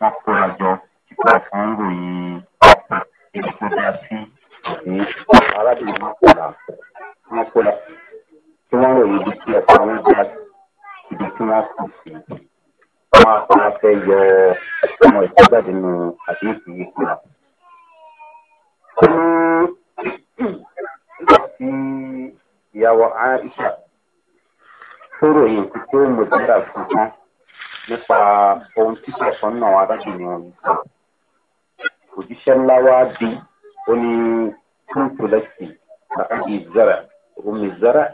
wọn kóra jọ wọn fún ròyìn ọkọ èyí tó dá sí èyí arábìnrin wọn kóra wọn kóra tí wọn ròyìn ibi tí ọkọ wọn a ibi tí wọn kù sí wọn kóra fẹ yọ ọmọ ìtọ́jáde nù àdéhùn yìí kóra. ó nígbà tí ìyàwó aisha tó ròyìn tí ó mọ̀ nígbà fún nípa ohun tí kọ̀ọ̀kan náà arábìnrin sọ. òjíṣẹ́ ńlá wá bí ó ní kúńtù lẹ́sì àkàdé zara omi zara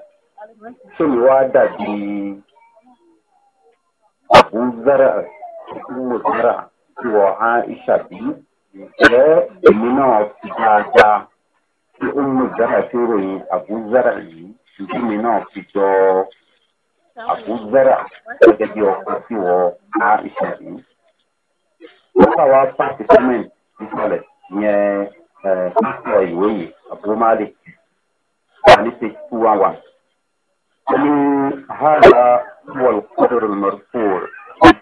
ṣé mi wá dàbí àbú zara ìkúmọ̀ zara tí wọ́n á ìṣàbí ǹjẹ́ èmi náà ti dáadáa tí ó ń mú zara tí ó ròyìn àbú yìí ǹjẹ́ èmi náà ti jọ ọ́. Abu Zara gẹ́gẹ́ bí ọkọ sí wọ Aisha yìí. Wọ́n bá wa pàṣẹ sẹ́mẹ̀n nísàlẹ̀ yẹn pásítọ̀ ìwé yìí Abu Malik wà ní page two one one. Wọ́n ní hàlà wọ̀l kọ́dọ̀rọ̀ mọ̀rọ̀fọ́r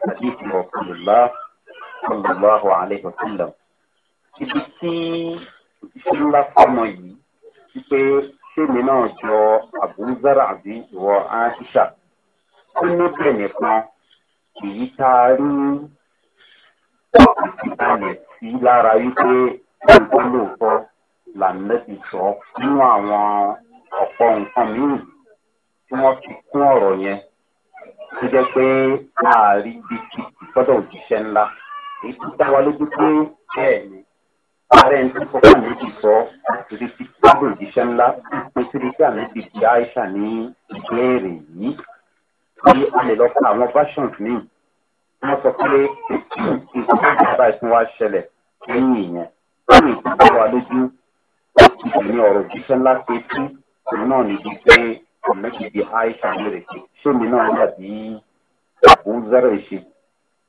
àti ìfọ̀kànlá sallallahu alayhi wa sallam. Ibi tí ìṣúná fọmọ yìí wípé ṣé mi náà jọ Abu Zara àbí ìwọ Aisha ó níbẹ̀ nìkan èyí tá a rí ìbalẹ̀ sí lára wípé olùkọ́ lóòótọ́ làǹdẹ́bí sọ nínú àwọn ọ̀pọ̀ nǹkan míì tí wọ́n fi kún ọ̀rọ̀ yẹn tó jẹ́ pé ààrí ibi tí gbọ́dọ̀ òjíṣẹ́ ńlá èyí tó dá wa lójú pé bẹ́ẹ̀ ni ààrẹ ń tún fọkàn méjì sọ àtìrí tí gbọ́dọ̀ òjíṣẹ́ ńlá pé sírí tí àmì ti di àìsàn ní ìbéèrè yìí pé a lè lọ kọ àwọn versions míì wọ́n sọ pé nǹkan tó bá ìsún wa ṣẹlẹ̀ lẹ́yìn ìyẹn lórí ìtọ́jú wa lójú ìṣẹ̀lẹ̀ ọ̀rọ̀ jíṣẹ́ ńlá pé tí òun náà níbi pé ọ̀mẹ́kì bíi aisha lóore ṣé mi náà dàbí àbúzárà ìṣe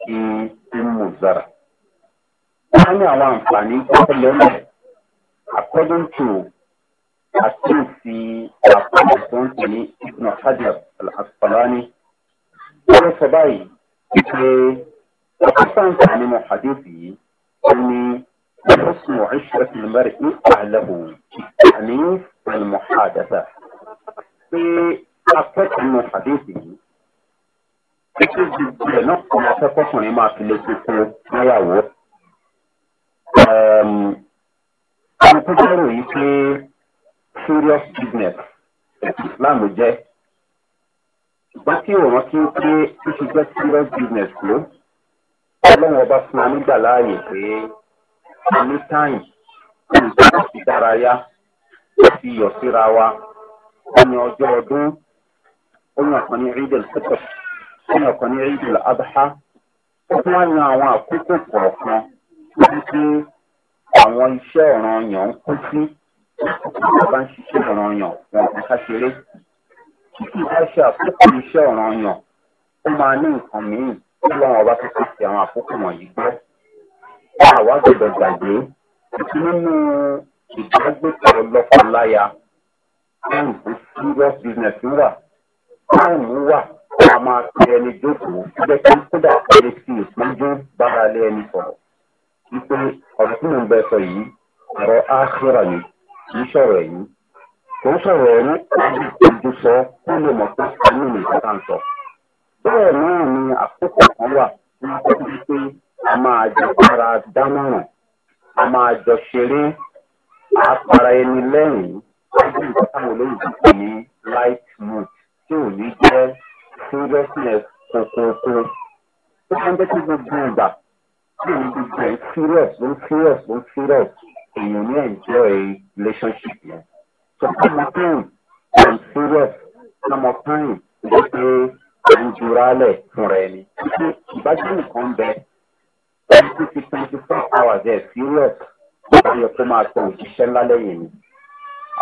kí ń mú zara. wọ́n ní àwọn àǹfààní gbọ́dọ̀ lẹ́yìn according to àtúnṣe àpamọ́ tó ń tẹ̀lé ibùdó hajar al wọ́n sọ báyìí pé ọ̀pọ̀sáǹtà nínú àdéhùn yìí ó ní ọ̀pọ̀sùn ọ̀ṣẹ́ ìmọ̀rẹ̀ ní àlẹ́hùn àní àlùmọ̀ àdàtà pé akẹ́kọ̀ọ́ nínú àdéhùn yìí títí gbogbo ẹ̀ náà kọ́ akẹ́kọ̀ọ́kùnrin máa fi lè tuntun níyàwó. àwọn kúkúrú yìí pé serious business islam jẹ́ ṣùgbọ́n tí òun rántí pé ó ti jẹ́ serious business ló ọlọ́run ọba fún wa nígbà láàyè pé omi táyì olùdókòwò ti dárayá ó fi yọ̀ síra wa ó ní ọjọ́ ọdún ó ní ọ̀kan ní eid al-fitr ọ̀kan ní eid adha ó tún wá yan àwọn àkókò kọ̀ọ̀kan wọ́n pé àwọn iṣẹ́ ọ̀ràn yàn ń kú sí wọ́n bá ń ṣiṣẹ́ ọ̀ràn yàn wọn ká ṣeré tí kì í bá ṣe àkókò iṣẹ́ ọ̀ràn yàn ó máa ní nǹkan míì tó lọ́wọ́ ọba tó ti àwọn àkókò wọ̀nyí gbọ́. àwa gbọdọ̀ gbàgbé nínú ìdágbèsè ọlọ́kọláya táìmù serious business ń wà táìmù wà a máa pe ẹni jókòó jẹ́ kí kódà ẹni tí ìpọ́njú bára lé ẹni sọ̀rọ̀ wípé ọ̀rọ̀ tí mò ń bẹ sọ yìí ọ̀rọ̀ áhírà ni kì í sọ̀rọ̀ ẹ̀yìn kò ń sọ̀rọ̀ ẹ̀rí àbí ìdí sọ kó lè mọ̀ pé a ní nǹkan tá à ń sọ. bẹ́ẹ̀ náà ni àkókò kan wà tí wọ́n tọ́jú pé a máa jọ para dámọ̀ràn a máa jọ ṣeré a para ẹni lẹ́yìn láti nǹkan táwọn olóyìnbó pè ní light mood tí ò ní jẹ́ seriousness kókókó. ó máa ń jẹ́ kí gbogbo ìgbà tí òun ti jẹ́ serious ló serious ló serious èèyàn ní enjoy relationship yẹn sọ̀tàmọ́tàn àìsírẹ̀ sọmọ́tàn ìdókè àìjúralẹ̀ fúnra ẹni. ìbájú nìkan bẹ ẹni tó fi twenty four hours ẹ̀ serious ó yẹ kó máa tọ òjíṣẹ́ ńlá lẹ́yìn mi.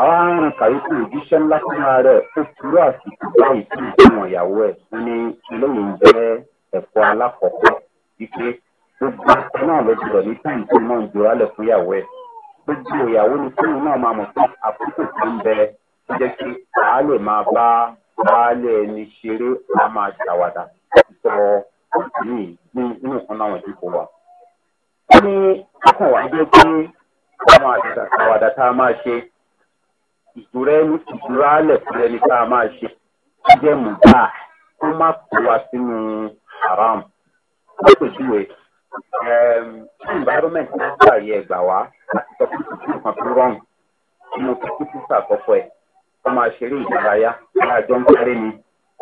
àwọn arìnrìn kàyéfì òjíṣẹ́ ńlá fúnra rẹ̀ ó kúrò àsìkò báyìí sí ìgbìmọ̀ ìyàwó ẹ̀ fún ní eléyìí jẹ́ ẹ̀kọ́ alákọ̀ọ́kọ́ wípé gbogbo ẹ̀kọ́ náà ló gbọdọ̀ ní táyì tó mọ̀ ìjúralẹ̀ fún ìyàwó ẹ̀ gbogbo ìyàwó ni kí òun náà máa mọ̀ pé àkókò tó ń bẹ tó jẹ́ kí àá lè máa bá baálé ẹni ṣeré a máa ṣàwàdà sọ yìí ní inú kan láwọn ìdíkò wa. ó ní ọkàn wá jẹ́ pé àwọn àṣàwàdà tá a máa ṣe ìtura ẹni ìtura alẹ̀ fún ẹni tá a máa ṣe jẹ́ mùbá kó má kó wa sínú haram. ó pèsè ìwé environment látàrí ẹgbà wá àti sọ fún tuntun kan tó rọrùn nínú kíkú sísà àkọ́kọ́ ẹ̀ kọ́ máa ṣeré ìdárayá láàjọ ń sáré ni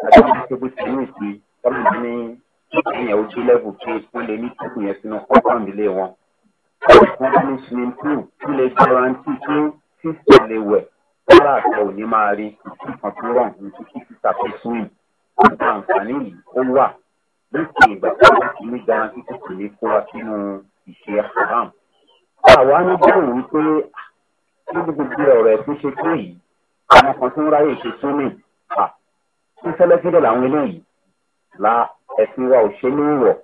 àjọ ń ṣe bó ti ní ìpè tọ́lù ní ìyẹn ojú lẹ́bù pé wọ́n lè ní kíkù yẹn sínú compound ilé wọn. wọ́n bá ní swimming pool tún lè guarantee pé sísè lè wẹ̀ kọ́lá àtọ̀ òní máa rí kíkù kan tó rọrùn ní kíkú sísà pé swim. àǹfààní yìí ó wà lókè ìgbà tí wọ́n ti ní garanti tó kò lè kó wa sínú ìṣe haram. àwa ní dáhùn wípé ah, níbi gbogbo ọ̀rọ̀ ẹ̀ tó ṣe tó yìí àwọn kan tó ń ráyè ṣe tó ní à ń fẹ́lẹ́fẹ́lẹ́ làwọn eléyìí la ẹ̀sìn wa ò ṣe ní rọ̀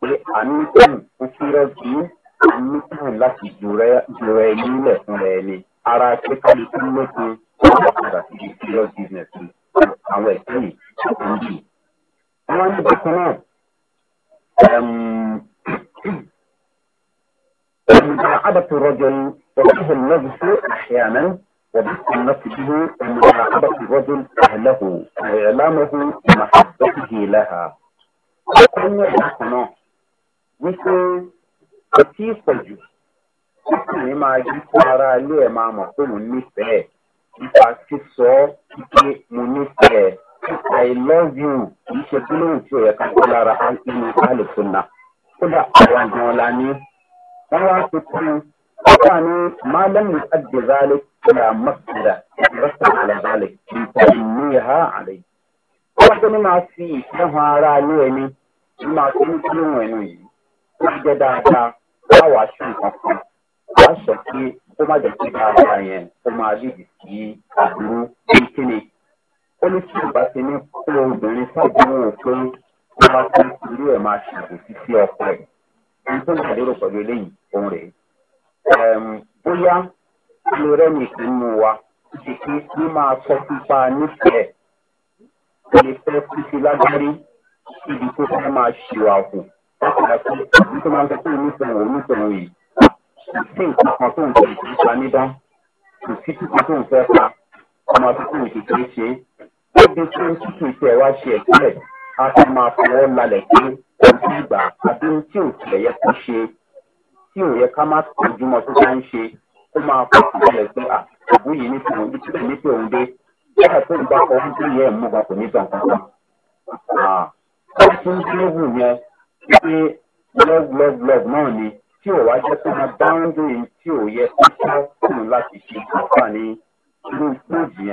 pé a ní kùn ń fírẹ́ bí a ní kùn láti jùrọ̀ ẹ nílẹ̀ fúnra ẹni ara pé kálukú lókun ó wà padà síbi serious business àwọn ẹ̀sìn yìí ló ń bì wọn ní bákan náà الملاعبة الرجل وجه النفس أحيانا وبث النفس به ملاعبة الرجل أهله وإعلامه محبته لها. وكان يحسن wípé ọtí ìpọ̀jù tí kò ní máa yí fún ara ilé ẹ̀ máa mọ̀ pé mo nífẹ̀ẹ́ nípa sísọ ọ́ mo nífẹ̀ẹ́ i love you kì í ṣe gbólóhùn tí ò yẹ ká kó lára nínú àlùfùnà kódà àwọn àgbọn ọ̀la ni wọ́n wá fi kún un wọ́n ní málẹ́mù àdìbálẹ̀ ìlà mọ́tìlá ìrọ́sà àlàbálẹ̀ ìtàníhà àlẹ́ wọ́n tó ní máa fi ìfihàn ara ní ẹni ní máa fi ní gbólóhùn ẹnu yìí ó ti jẹ́ dáadáa láwọ̀ aṣọ nǹkan kan wọ́n sọ pé ó má jẹ́ pé dáadáa yẹn ó máa lè ó ní tí ìgbà ti ní kó obìnrin sọ́gbọ́n òfin kó wá sí ilé ẹ̀ máa ṣàbòsí sí ọkọ ẹ̀ ẹni tó ń ṣàlérò pẹ̀lú eléyìí òun rèé bóyá ilé rẹ̀ nìkan mú wa ṣe pé ní máa sọ pípa nífẹ̀ẹ́ ó lè fẹ́ kú sí lágbárí síbi tó fẹ́ máa ṣìwà kù láti ìdí tó máa ń tẹ́tí onífẹ̀ẹ́ òun nífẹ̀ẹ́ yìí kò sí nǹkan kan tó ń fẹ́ ìdí pa nídán kò sí kíkan tó ń fẹ́ pa ọmọ tó ń ṣe ó di tí ó tútù ìpè wá ṣe ẹ̀kúnlẹ̀ a ti máa fọwọ́ lálẹ̀ pé kò sí ìgbà àbí ohun tí ò tilẹ̀ yẹ ṣe tí ò yẹ ká má tójúmọ́ tó bá ń ṣe ó máa fọkàn lálẹ̀ pé à òbú yìí ní tòun ibi tí ní pé òun dé lọ́dà tó ń bá kọ ohun tó yẹ ẹ̀ mú gan ní gbọ̀ngàn kan. ó tún dúró wù yẹn pé lọ́gbọ́lọ́gbọ́ náà ni tí ò wá jẹ́ pé máa dáhùn dé tí ò yẹ kó tó kù láti ṣe àǹfààní irú ìpéjì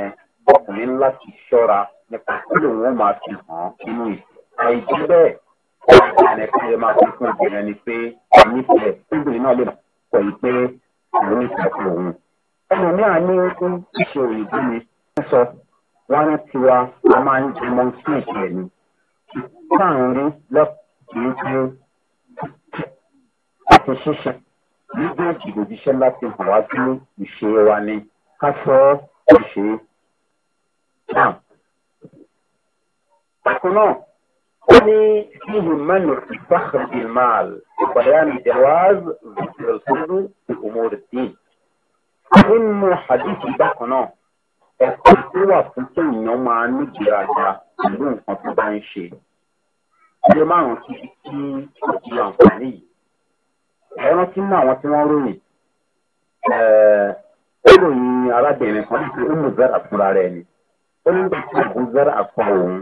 ọkùnrin láti ṣọ́ra nípa kí lòun ó máa fi hàn nínú ìsìn. àìjẹ́ bẹ́ẹ̀ ọ̀gbìn ẹ̀ka ẹ̀ máa fi fún obìnrin ni pé ànífẹ̀ẹ́ obìnrin náà lè pọ̀ yìí pé òun nífẹ̀ẹ́ fún òun. ẹlòmíà ní fún ìṣe òyìnbó ni wọ́n sọ wọ́n ní tiwa a máa ń jẹ mọ́ sí ìṣẹ̀ ni. táwọn rí lọ́kùnrin pé àti ṣíṣe nígbà ìdòjíṣẹ́ láti hàn wá sí ìṣe wa ni ká sọ ọ́ ìṣe náà bákan náà ó ní síhù mẹ́nu ìfáhàn ìmáàl ìbàyánì jawaz ìrẹ̀lẹ́sọ́dún ìhùmọ́rẹ̀dín. nínú hadith bákan náà ẹ̀kọ́ tó wà fún kéèyàn máa ní ìgbéraga pẹ̀lú nǹkan tó bá ń ṣe. ilé márùn-ún ti fi kí ìdí àǹfààní ẹran tí ní àwọn tí wọ́n ròyìn ó ròyìn arábìnrin kan nípa ó mú zara fúnra rẹ̀ ni ó ní tí àbúzárà àpá òun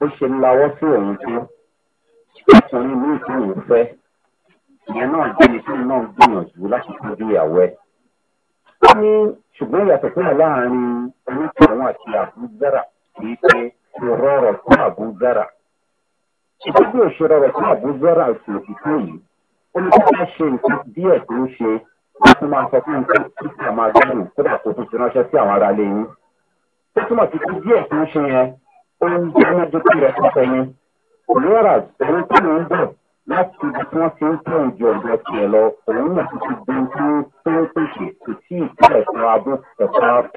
ó ṣe lawọ́ sí òun tó ọkùnrin ní ìpín òun fẹ́ ìyẹn náà jẹ́ni tí náà gbìyànjú láti tọ́jú ìyàwó ẹ̀. ó ní ṣùgbọ́n ìyàtọ̀ tó wà láàrin onítọ̀hún àti àbúzárà kìí pé kò rọrọ̀ fún àbúzárà. ìtọ́jú òṣèré rẹ̀ fún àbúzárà àti òkìkí yìí ó ní kí ṣe nǹkan díẹ̀ tó ń ṣe wọ́n máa sọ fún un pé kíkà máa dárò kódà kó tún ti ránṣẹ́ sí àwọn aráalé yín ó túmọ̀ sí pé díẹ̀ tó ń ṣe yẹn ó ń dáná dúkú rẹ̀ pẹ̀pẹ̀ ni lọ́ra òun tó ń bọ̀ láti ibi tí wọ́n ti ń tẹ̀ ìjọ ọ̀dọ̀ tiẹ̀ lọ òun náà ti ti di ojú tó ń pèsè kò tí ì tẹ̀ ẹ̀kún abú ẹ̀kún abú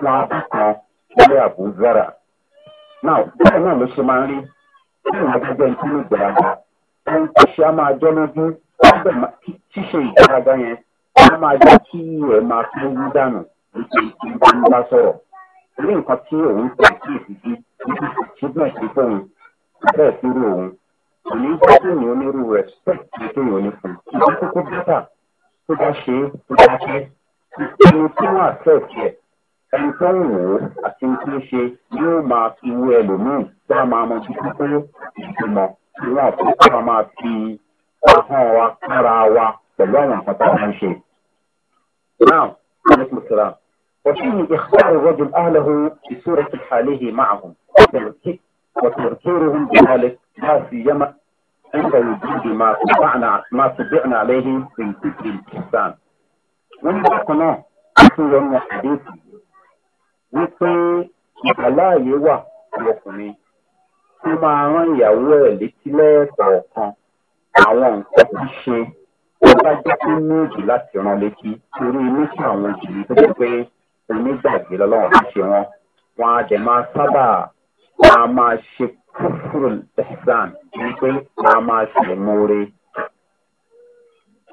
kan lórí àbú zara. náà bẹ́ẹ̀ náà ló ṣe máa ń rí bí ìwà gẹ́gẹ́ ní kíló gbàgbà ohun tó ṣe á máa jọ́ lójú ṣíṣe ìgbàgbà yẹn á máa jẹ́ kí ẹ̀ máa fi ń dànù nípa ìgbà ń bá sọ̀rọ̀ orí nǹkan tí òun pè sí ìdíjí níbi síbẹ̀ síbẹ̀ òun bẹ́ẹ̀ sí rí òun kò ní jẹ́ respect ní kí ni fún un ìdí kókó dátà tó bá ṣe é tó bá ṣe ẹni tí wọ́n accept yẹ ẹni tó ń wò ó àti ní kí ń ṣe yóò máa fi wú ẹlòmíì tó a máa mọ títí pé ìgbìmọ̀ ìwọ̀n tó a máa fi ahọ́n wa kára wa pẹ̀lú àwọn nǹkan tá ṣe. now, وفيه إخبار الرجل أهله بصورة حاله معهم وتذكيرهم بذلك لا سيما عند وجود ما طبعنا ما طبعنا عليه في فكر الإنسان. ونبقنا في يوم الحديث wípé ìbáláàyè wà lọkùnrin tó máa rán ìyàwó ẹ̀ létí lẹ́ẹ̀kọ̀ọ̀kan àwọn nǹkan tó ṣe tó bá jẹ́ pé ní láti rán létí torí méjì àwọn òjì tó pé onígbàgbé lọ́lọ́run bá ṣe wọn wọn á dẹ̀ máa sábà wọn á máa ṣe kúfúrú ẹ̀sán wípé wọn á máa ṣe mọ́re.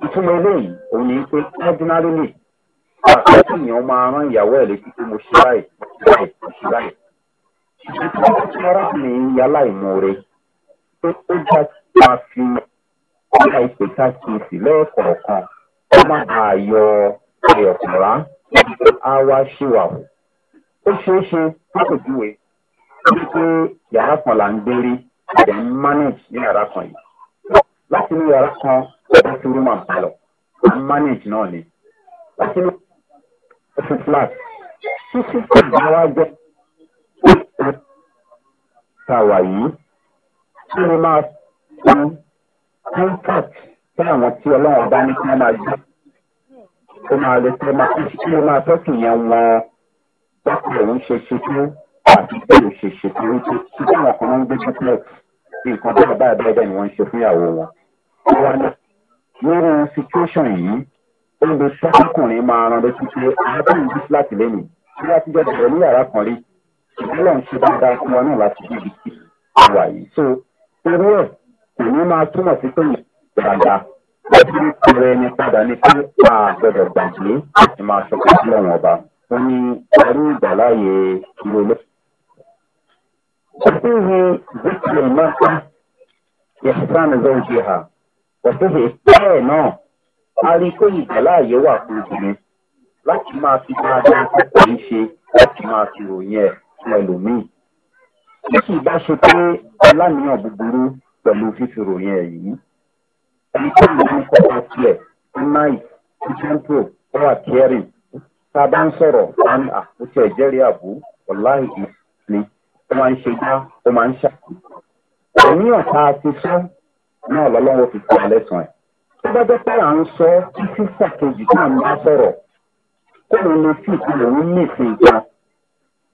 ìtumọ̀ eléyìí òun ni pé ordinarily àkókò èèyàn máa rán ìyàwó ẹ̀ létí pé mo ṣe báyìí mo ṣe báyìí mo ṣe báyìí. ìtumọ̀ tí wọ́n rà ní yálà ìmọ̀re pé ó já máa fi ọ̀la ìpè ká kí n sì lẹ́ẹ̀kọ̀ọ̀kan ó má bàa yọ ẹ̀yọ̀kùnrin Awa wá o ó ṣeé ṣe lápèjúwe wípé yàrá kan là ń gbé rí ń manage ní yàrá kan yìí láti inú yàrá kan ọ̀dọ́ sí rúmà pálọ̀ à ń manage náà ni láti inú ọ̀sùn flat títí tí ìgbà wa jẹ́ ta wà yìí kí ni máa fún contact fún àwọn tí ọlọ́run bá ní kí wọ́n máa gbé ó máa lè tẹ́ máa kí kí ló máa tọ́kì yẹn wọn bákùrẹ̀ ń ṣe ṣe tó àti bí ó ṣe ṣe tó tó tí kí wọn kàn ń gbé duplex bí nǹkan bá bá bẹ́ẹ̀ bẹ́ẹ̀ ni wọ́n ń ṣe fúnyàwó wọn. nínú situation yìí ó lè sọ́kùnrin máa ran létí pé arábìnrin bí fúláàtì lẹ́nu bí wọ́n ti jẹ́ bẹ̀rẹ̀ ní yàrá kan rí ìpínlẹ̀ ń ṣe dáadáa fún wọn náà láti bí ibi tí wọ́n wà yìí. so irú ẹ̀ kò ní máa túmọ̀ sí pé ìgbàgbà ẹbí ọrẹ ẹni padà ní pé a gbọdọ̀ gbàgbé láti máa sọ pé sílẹ̀ wọn ọba wọn ní ẹrú ìgbàláyè ìlú olóṣèlú. وفيه ذكر المرأة إحسان زوجها وفيه إحسانه ari pé ìgbàláàyè wà fún obìnrin láti máa fi dáadáa púpọ̀ ń ṣe láti máa fi ròyìn ẹ̀ fún ẹlòmíì. bí kì í bá ṣe pé aláníyàn búburú pẹ̀lú fífi ròyìn ẹ̀ yìí ẹni tó lò ní kọ́ máa tiẹ̀ náì ìjẹ́ńtò ó wà kẹ́rì tá a bá ń sọ̀rọ̀ à ń àkótí ẹ̀jẹ̀ rí àbú wàláhì ni ó máa ń ṣe dá ó máa ń ṣàkóso. òní ọ̀tá ti sọ náà lọ́lọ́wọ́ fi kọ́ lẹ́sàn ẹ̀. tó bá jẹ́ pé à ń sọ kí sísà kejì tá à ń bá sọ̀rọ̀ kó ló lè fi ìpìlẹ̀ òun ní ìsìn ìgbà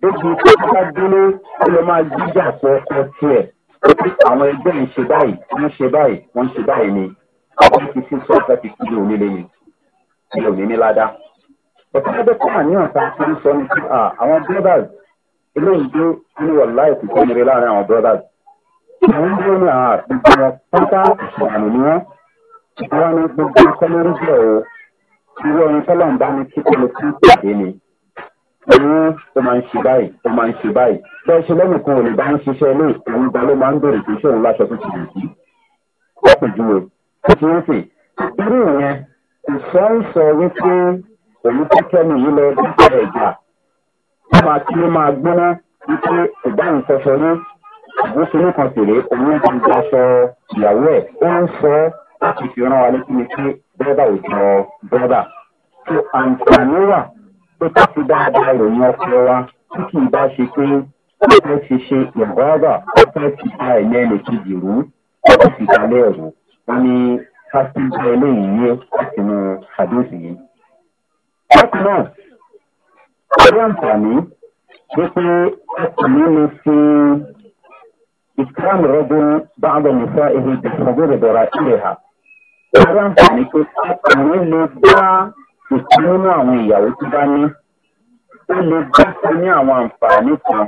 débi tó bá dúró ó lè máa jíjà sọ ọkọ tiẹ̀ àwọn ẹgbẹ́ ń ṣe báyìí wọ́n ṣe báyìí wọ́n ṣe báyìí ni fifty six one thirty kí ló nílé ni kí ló ní ní ládá. ọ̀tún ẹgbẹ́ kọ́ àníyàn ta kiri sọ ni pé àwọn brothers eléyìí dé ní wọ̀ láì kú kọ́ nire láàrin àwọn brothers. àwọn dúró ní àwọn àgbègbè wọn pátá ìṣàmì ni wọn. wọn ní gbogbo kọ́mẹ́rì jẹ́ o irú ẹni tọ́lọ̀ ń bá ní kí kọ́lọ́ tún pàdé ni. Oyún ó máa ń ṣe báyìí, ó máa ń ṣe báyìí. Bẹ́ẹ̀ ṣe lẹ́nu kan ò ní bá ń ṣiṣẹ́ ilé ìpínlẹ̀ ló máa ń bèrè kí láṣọ tó ti dì í. Wọ́n pè júwe ó ti ń sìn irú ìyẹn ìfẹ́ ń sọ wípé òun tẹ́tẹ́ nìyí lọ dípò ẹ̀jà ó máa kí ó máa gbóná wípé ìdáhùn sọsọ ní ìgbésẹ̀ kan tèrè òun ti gba sọ ìyàwó ẹ̀ ó ń sọ láti fi rán wa létí ni pé bọ́dà ò jọ bọ́dà tó àǹfààní wà pé ká fi dáadáa ìròyìn ọkọ wa tí kì í bá ṣe pé ó fẹ́ fi ṣe ìrọ́bà ó fẹ́ fi ta ẹ̀yẹ́ lè kejì rú ó fi kalẹ̀ rú wọn ní fásitì eléyìí yé sínú àdéhùn yìí. bákan náà ọdún àǹfààní wípé ọkùnrin mi fi ìkànnì rọ́gùn báńgọ̀ nìfọ́ èyí ìfọ̀gbọ́n ìdọ̀rà ilẹ̀ ha. ọdún àǹfààní pé ọkùnrin lè bá ìkan nínú àwọn ìyàwó tó bá ní ó lè bá fún ní àwọn àǹfààní kan.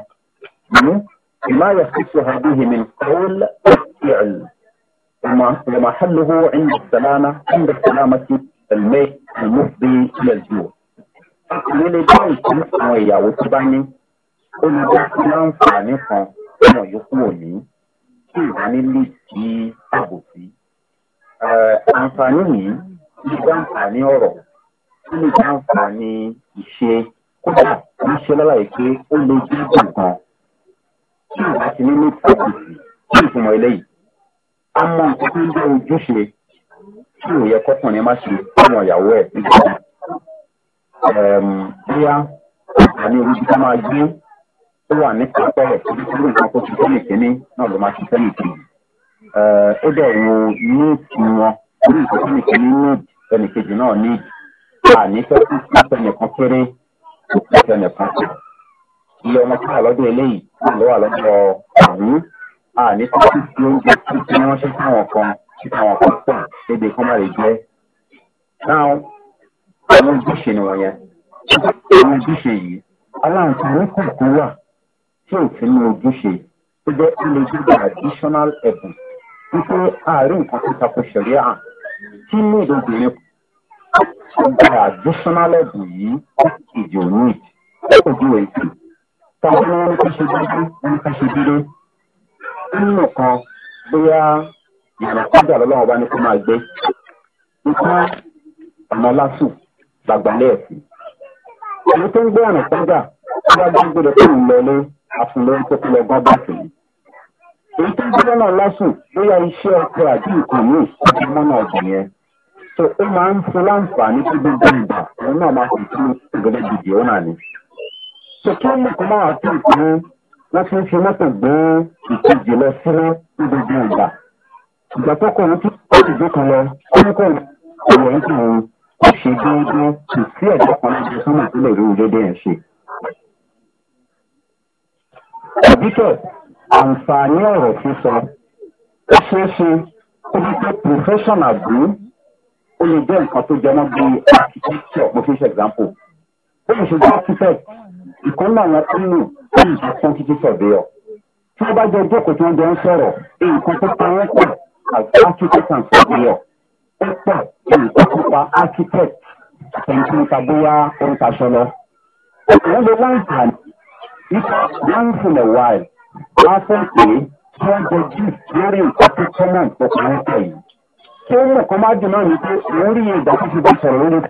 Hmm? ìmáyà fífi ọ̀hún bí hìmìn kọ́ọ́lá ọ̀kẹ́ ọ̀lù. ومحله عند السلامة عند السلامة الماء المفضي إلى الجوع. Ìrẹ́lẹ̀ jẹ́ ìpín àwọn ìyàwó tó bá ní olùdásí láǹfààní kan ọmọ yòókù òní tí ìdánilè sí àbòsí. Àǹfààní yìí lè jẹ́ àǹfààní ọ̀rọ̀, ó lè jẹ́ àǹfààní ìṣe kódà ní ṣe lọ́láyé pé ó lè jẹ́ gbọ̀ngàn. Tí ìbá ti ní ní àbòsí, kí ìtumọ̀ eléyìí? a mọ nǹkan tó ń jẹ́ ojúṣe tí ò yẹ kọkùnrin má ṣe fáwọn ìyàwó ẹ̀ nígbà bóyá àní orí tí máa gbé ó wà ní pápẹ́ rẹ̀ tó dúró nǹkan tó ti sẹ́yìn kínní náà ló máa ti sẹ́yìn kejì ó dẹ̀ wo níìtì wọn orí nǹkan tó ní kínní níìtì ẹnìkejì náà níìtì àní fẹ́ kí pàtẹnìkan kéré kó pàtẹnìkan kéré iye ọmọ tó wà lọ́dọ̀ eléyìí ló wà lọ́dọ̀ àrùn àní títí tí oúnjẹ títí ni wọ́n ṣe fáwọn kan tí àwọn kan pọ̀ níbi kan má lè jẹ́. náà àwọn ojúṣe ni wọ̀nyẹn. àwọn ojúṣe yìí aláǹfààní kọ̀ọ̀kan wà tí ò fi ní ojúṣe tó jẹ́ ilé gbígbà additional ẹ̀bùn wípé àárín nǹkan tó takò ṣẹ̀rí à kí ní ìdóbìnrin gba additional ẹ̀bùn yìí ìdí òní ìdí òjò èyí. tàbí wọn ní ká ṣe dídé wọn ní ká ṣe dídé. nínú kan bóyá ìrìn kọjá lọ́wọ́ bá ní kó máa gbé nǹkan ọ̀nà lásù gbàgbọ́lẹ̀ ẹ̀sìn. èyí tó ń gbé àrùn kọjá tó bá gbé gbèrè tó fi lọ bá sí. èyí tó ń gbé lásù bóyá iṣẹ́ ọkọ̀ àti nǹkan ti mọ́nà ọ̀gbìn yẹn. wọ́n ti ń fi mọ́tò gbé ìkejì lọ sínú ìdíje ìgbà. ìgbà tó kọ̀ ní tí ó dìde kan lọ ó ní kọ́ ìwọ̀ yìí kàn án kò ṣe déédéé kò sí ẹ̀jẹ̀ kan lójú sọ́nà tó lè rí ìrẹ́dẹ́ ẹ̀ ṣe. ẹ̀díkẹ̀ àǹfààní ọ̀rọ̀ sísọ ó ṣeé ṣe ó ní pé professional bí ó lè jẹ́ nǹkan tó jẹmọ́ bí architecture mo fi ṣe example ó lè ṣe bí architect ìkọ́nà àwọn tó ń wọ́n máa quantity survey ọ̀. tí wọ́n bá jẹ ìjókòó tí wọ́n jẹ ń sọ̀rọ̀ nǹkan tó pa wọ́n pọ̀ as architect and survey ó pọ̀ nǹkan tó pa architect àtẹ̀yìntì níta bóyá ó ń taṣọ lọ. wọ́n lè láǹfààní nípa once in a while wọ́n á fẹ́ pé kí wọ́n jẹ gist lórí nǹkan tó kọ́mọ̀ tó pa wọ́n pọ̀ yìí. tí ó mọ̀ kán bá dùn náà ni pé òun rí ìgbà tó ti bá sọ̀rọ̀ lórí.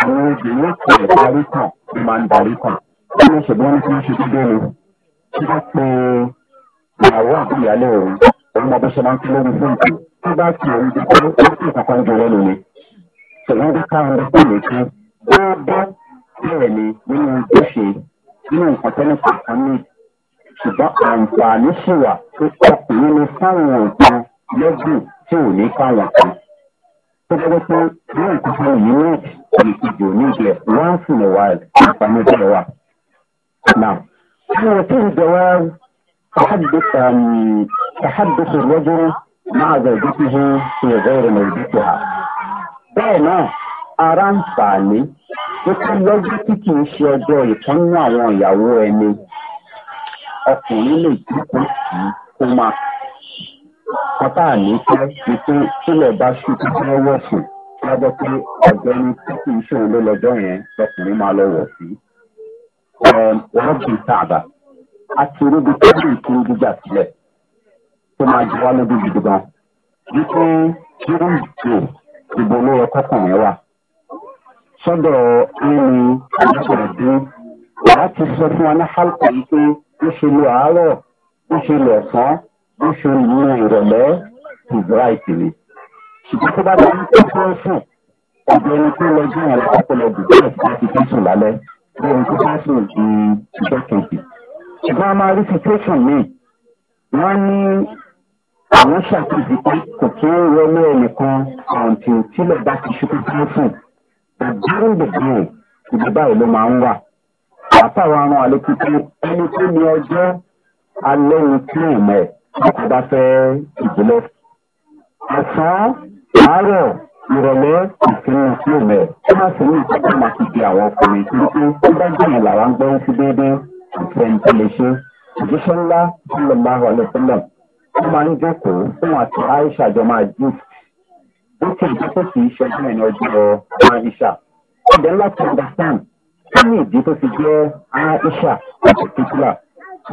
àwọn obìnrin kò darí kan ló máa ń darí kan bí wọ́n ṣe bí wọ́n ní kí wọ́n ṣe dídé ni kí wọ́n pe ìyàwó àti ìyálé òun òun mọ bí ṣe máa ń kíló ní fún ìpè tí bá ti òun di pé ó sì kankan jọ lẹ́nu ni ṣèlú ń ká ọ̀rẹ́ pè mí kí wọ́n bá bẹ́ẹ̀ ni nínú tó nínú nǹkan tẹ́lẹ̀ kọ̀ọ̀kan ní ṣùgbọ́n àǹfààní ṣì wà tó pọ̀ nínú fáwọn òògùn lẹ́gbẹ̀ẹ́ tí ò ní fáwọn kan tó fẹ́ pé ní ìkúsọ yìí ní ìkejì òní ìjẹ once in a while àǹfààní ìjẹ wa. now ẹnìyàn tí ń jẹ wá تحدث الرجل مع زوجته في غير ملبسها bẹ́ẹ̀ náà ara ń fà á ní wípé lọ́jọ́ tí kì í ṣe ọjọ́ ìkànnì àwọn ìyàwó ẹni ọkùnrin nǹkan tá à ní fẹ́ ni pé tílẹ̀ bá ṣú kí wọ́n wọ̀ fún lọ́jọ́ pé ọ̀gbẹ́ni tí kì í ṣòro ló lọ́jọ́ yẹn lọkùnrin máa lọ wọ̀ sí. rọ́bì tààbà a ti rí bí tẹ́lẹ̀ ìkiri gíga sílẹ̀ tó máa jẹ́ wá lóbi gidi gan. wípé irú ìjò ìbò ló yẹ kọkùnrin wà. sọ́dọ̀ nínú ìjọba dín láti sọ fún wa ní hálùkù yìí pé ń ṣe lo àárọ̀ ń ṣe lo ọ̀sán ń ṣe ìlú ìrọ̀lẹ́ ìbright ni ṣùgbọ́n tó bá dá ní kókó sùn ọ̀dọ̀ ẹni tó lọ jẹ́ ìrọ̀lẹ́ ọpọlọ dùbẹ́ láti fi sùn lálẹ́ bí ohun tó bá sùn di ìjọ kejì ṣùgbọ́n a máa rí situation míì wọ́n ní àwọn ṣàkóso pé kò kí ń wọlé ẹnìkan àǹtí tílẹ̀ bá ti ṣubú fún fún ọ̀dọ́rùn gbogbo ìdí báyìí ló máa ń wà àtàwọn aràn àlékún pé ẹni tó ní ọjọ́ alẹ́ ní kí ìmọ̀ ẹ̀ láti bá fẹ́ ìdílé. Àsán, àárọ̀, ìrọ̀lẹ́, ìsinmi sí òmẹ̀. Ó má sì ní ìtọ́jú máa ti di àwọn ọkùnrin tí wípé ó bá jẹ́ ìlàwá ń gbọ́ sí déédéé ìfẹ́ ìtẹ̀lẹ́ṣẹ́. Òjíṣẹ́ ńlá sílẹ̀ máa wà lọ́sọ́lọ̀. Ó máa ń jókòó fún àti Aisha jọ máa jù. Ó ti ìjọ tó kì í ṣẹ́jú ẹni ọjọ́ Aisha. Ọ̀dẹ́ ńlá ti understand. Kí ni ìdí tó fi jẹ́ Aisha àti Títílà?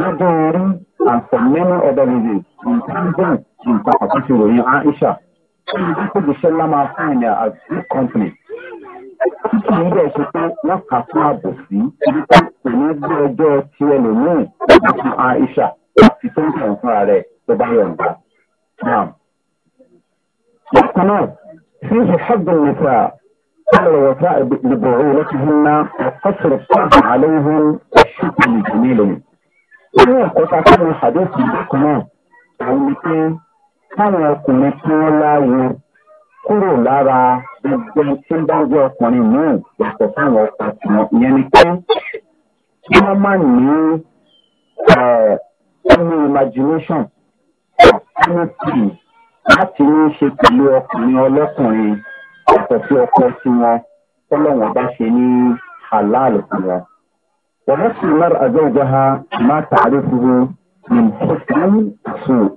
Lọ́dún orí and for many other reasons including nǹkan àtúnṣe ìròyìn aisha kó lè ṣẹlá máa fún ìyà as good company títí yìí bẹ́ẹ̀ ṣe pé wọ́n kà fún ààbò sí wípé kò ní gbé ẹjọ́ ti ẹlòmíì láti fún aisha láti tó ń tàn fúnra rẹ̀ tó bá yọ̀ǹda. bákan náà fífi ṣàgbọ̀n nìfà قال الوفاء ببعولتهن وقصر الصبر عليهم والشكر لجميلهم ní ẹ̀kọ́ ta fáwọn àdéhùn bákan náà àwọn ni pé káwọn ọkùnrin tí wọ́n láwo kúrò lára gbogbo tí ń bá jẹ́ ọkùnrin náà yàtọ̀ fáwọn ọkùnrin wọn ìyẹn ni pé kí wọ́n má ní ẹnu imagination opportunity láti ní ṣe pẹ̀lú ọkùnrin ọlọ́kùnrin yàtọ̀ sí ọkọ tiwọn tọ́lọ́wọ́n bá ṣe ní halal fún wọn. ومثل المرأة زوجها ما تعرفه من حسن سوء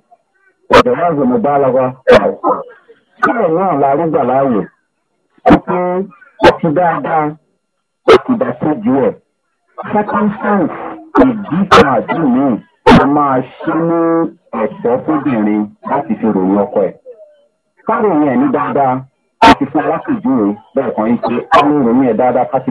وجواز مبالغة Báwo náà la rí gbà láàyè? Wípé àti dáadáa ìdàkejì ẹ̀. Circumstance dada kan àti míì a máa eji ní ẹ̀tọ́ láti fi ròyìn ọkọ ẹ̀. Káròyìn ẹ̀ ní dáadáa láti fún alákòjú rẹ̀ bẹ́ẹ̀ kan yìí pé a ní ròyìn ẹ̀ dáadáa ká ti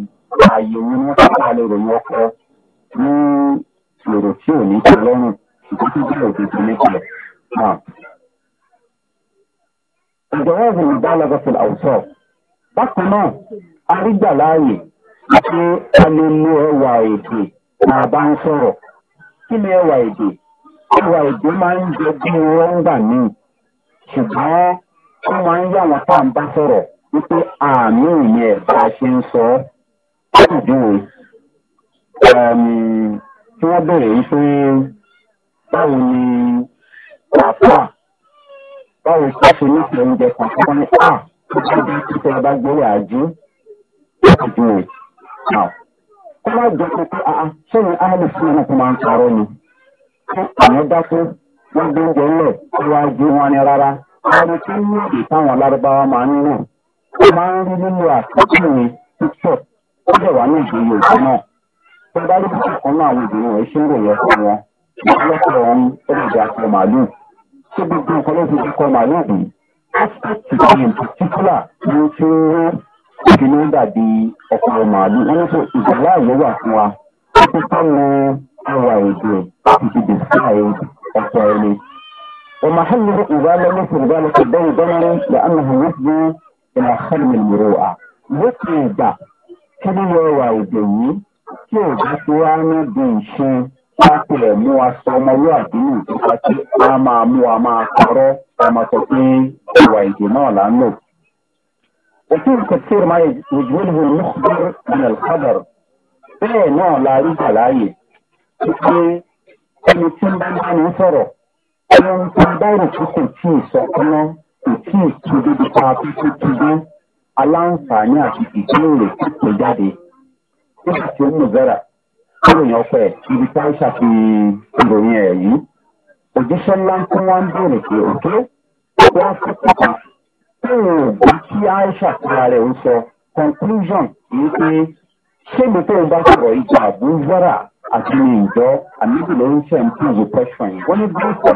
ààyè wo ni wọ́n ti ká lè ròyìn ọkọ ní èrò tí ò ní tẹ lọ́rùn ìtọ́jú bẹ́ẹ̀ òtútù nípìnlẹ̀ náà. ìjọba ẹ̀sìn ìdálẹ́gọ́sìn àwùjọ bákan náà arígbà láàyè àti alẹ́mú ẹwà èdè tá a bá ń sọ̀rọ̀ kí ni ẹwà èdè ẹwà èdè máa ń jẹ bí wọ́n gbà míì ṣùgbọ́n ó máa ń yà wọ́n tá à ń bá sọ̀rọ̀ wípé àmì ìyẹn bá a ṣe ń sọ ọ́ lápèjúwe tí wọ́n bẹ̀rẹ̀ yìí pé báwo ni àpá báwo ká ṣe nífẹ̀ẹ́ oúnjẹ kan tí wọ́n ní à tó bá dé títẹ́ abágbélé àjú lápèjúwe kó má jẹ́ pé ṣé ni áhàlù fún ẹni tó máa ń parọ́ ni kí àwọn dákú wọ́n gbé oúnjẹ ńlẹ̀ kó wá jí wọn ni rárá àwọn tí ń ní èdè táwọn lárúbáwá máa ń nù ó máa ń rí nínú àpèjúwe píṣọ̀tì ó bẹ̀ wá ní ìgbéyàwó ìgbà náà tó bá rí bíkì kan náà àwọn obìnrin rẹ̀ ṣe ń ròyìn ẹ̀kọ́ wọn lọ́sọ̀ wọn ó lè dà kọ màálù tó gbogbo nǹkan ló ti fi kọ màálù bì aspect in particular ni ó ti ń rán ìpinnu dàbí ọkọ̀ màálù wọn sọ ìgbàlá ìwé wà fún wa ó ti tọ́ mọ èdè láti fi dè sí àyè ọ̀pọ̀ ẹni. ومحله إزالة مثل ذلك الدم ضمن لأنه يفضي إلى خلم المروءة. مثل ذا kílíwẹ̀wà èdè yìí tí ò bá ti wá ní di ìṣin láti ẹ̀ mú wa sọ ọmọlúwàbí nù nípa tí a máa mú wa máa kọ́rọ́ ọmọ sọ pé ìwà èdè náà là ń lò. òfin kẹsìrì máa ìjúwèlúwò mùsùlùmí ní alkadar bẹ́ẹ̀ náà la rí gbà láàyè wípé ẹni tí ń bá ń bá ní sọ̀rọ̀ ẹni tí ń bá rò pé tí ì sọ ọ́nà kò tí ì tún débi pa kó tún dé aláǹfààní àti ìjíròrò tó tó jáde nígbà tí ó mú vera kúròyìn ọpẹ ibi tá a ṣàfi ìròyìn ẹ yìí òjíṣẹ́ ńlá tí wọ́n ń bèrè pé òkè wọ́n fún pípa tóun ò bá kí aisha fúnra rẹ̀ ń sọ conclusion yìí pé ṣé mi tóun bá sọ̀rọ̀ ìjà àbú vera àti ní ìjọ àmìbì ló ń ṣe ń pín ìwé pẹ́ṣọ̀ yìí wọ́n ní bí ó sọ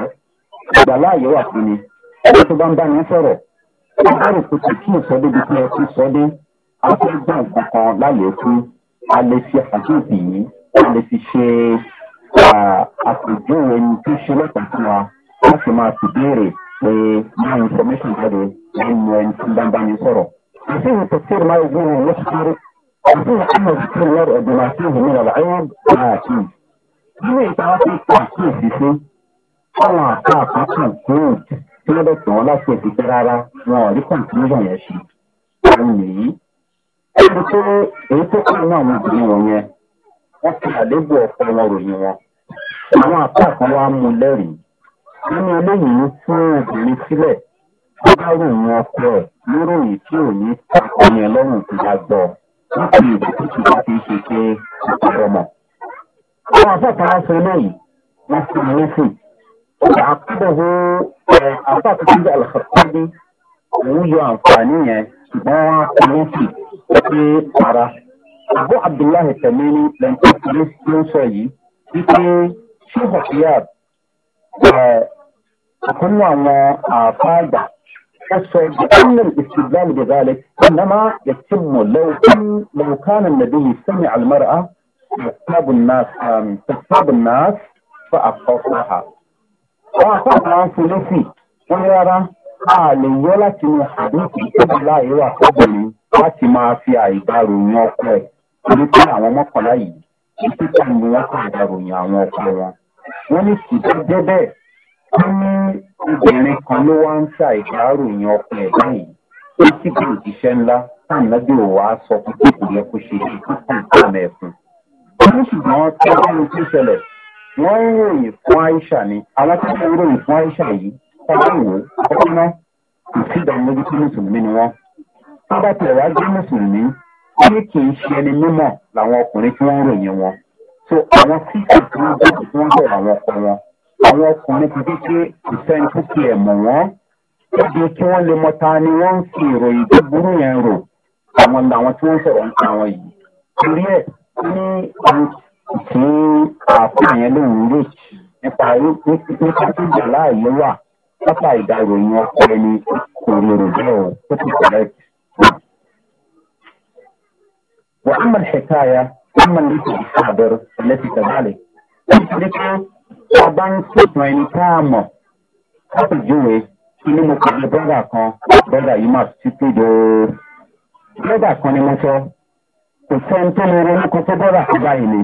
ìgbàláàyè wà fún mi ẹni tó bá ń bá mi sọ̀rọ̀ agbára òkúta kí n sọ débi pé ẹkú sọ dé afẹ́ gbà nǹkan kan láyé fún a lè fi àjòbí yìí a lè fi ṣe àpèjúwe ẹni tó ṣe lọ́pàá fún wa láti máa fi béèrè pé máa information jáde nínú ẹni tó bá ń bá yín sọ̀rọ̀. àfihàn tẹ̀síìr máa ń gbóhùn lọ́sọ̀rọ̀ àfihàn àmọ̀ tẹ̀síìr lọ́rọ̀ ẹ̀dùn àti ìhìnmíra ẹ̀yọ́ àti ilé ìtawọ́ ti pàṣẹ ìfìfẹ́ àwọn tí wọ́n dẹ̀ pè wọ́n láti ẹ̀sìn pé rárá wọn ò rí kọ̀ǹtínúbọ̀ yẹn ṣe. àwọn nìyí ẹni tó èyí tó kọ́ inú àwọn obìnrin wọn yẹn wọ́n fi àlébù ọ̀pọ̀ wọn ròyìn wọn. àwọn àpá kan wá mú lẹ́rìí nínú eléyìí fún obìnrin sílẹ̀ tó bá ròyìn ọkọ ẹ̀ níròyìn tí ò ní ọkùnrin ẹ̀ lọ́rùn tó bá gbọ́ nítorí ìbò tó ti bá fi ṣe pé ọmọ. àwọn àpá wá sọ eléyìí wọ́n fi mú fún un. وعقبه آه، اعطاك الجزء الخطابي ويا ثانية با نفسي في ابو عبد الله التميمي لم تكتبس نوصي في شوف اخيار كنا على فايدة أشهد أن الاستدلال بذلك إنما يتم لو كان لو كان النبي سمع المرأة يصاب الناس تصاب wọn àpàdé wọn fún a lè yọ láti mú àdéhùn tóbi láàyè wà fọ́bìnrin láti máa fi àìgbàròyìn ọkọ ẹ̀ torí pé àwọn mọ́kànlá yìí títí ni wọ́n kàn àwọn ọkọ wọn. wọ́n ní kan ló wá ń ọkọ ẹ̀ báyìí ó sì bí ńlá sọ pé kò yẹ kó ṣe é kó kàn wọ́n ní tí wọ́n wọ́n ń ròyìn fún aisha ni àwọn tó ń ròyìn fún aisha yìí kọ́kọ́ wò kọ́kọ́ náà kò sí ìdánilójú tí mùsùlùmí ni wọ́n. tó bá tẹ̀ wá jẹ́ mùsùlùmí wọ́n ní kì í ṣe ẹni mímọ̀ làwọn ọkùnrin tí wọ́n ń ròyìn wọn. so àwọn tí kò tó ń gbèsè tí wọ́n bẹ̀rẹ̀ àwọn ọkọ wọn àwọn ọkùnrin ti dé pé ìfẹ́ni ti ẹ̀ mọ̀ wọ́n níbi kí wọ́n lè mọ ni wọ́n ń fi ìròyìn tó burú yẹn rò àwọn làwọn tí wọ́n sọ̀rọ̀ ń ta wọn yìí. torí ẹ̀ ní ohun tí àáfàá yẹn lòun rè nípa nípa tí jàlá yìí wà pápá ìdáròyìn ọkọ ẹni kò lérò bẹ́ẹ̀ o tó ti correct. وأما الحكاية أما التي تحاضر التي كذلك تدرك ọba ń sọ̀tàn ẹni tá a mọ̀ lápèjúwe inú mo kàn ní bọ́dà kan bọ́dà yìí máa ti kéde bọ́dà kan ni mo sọ kò sẹ́ni tó lè ronú kó sọ bọ́dà kan báyìí ni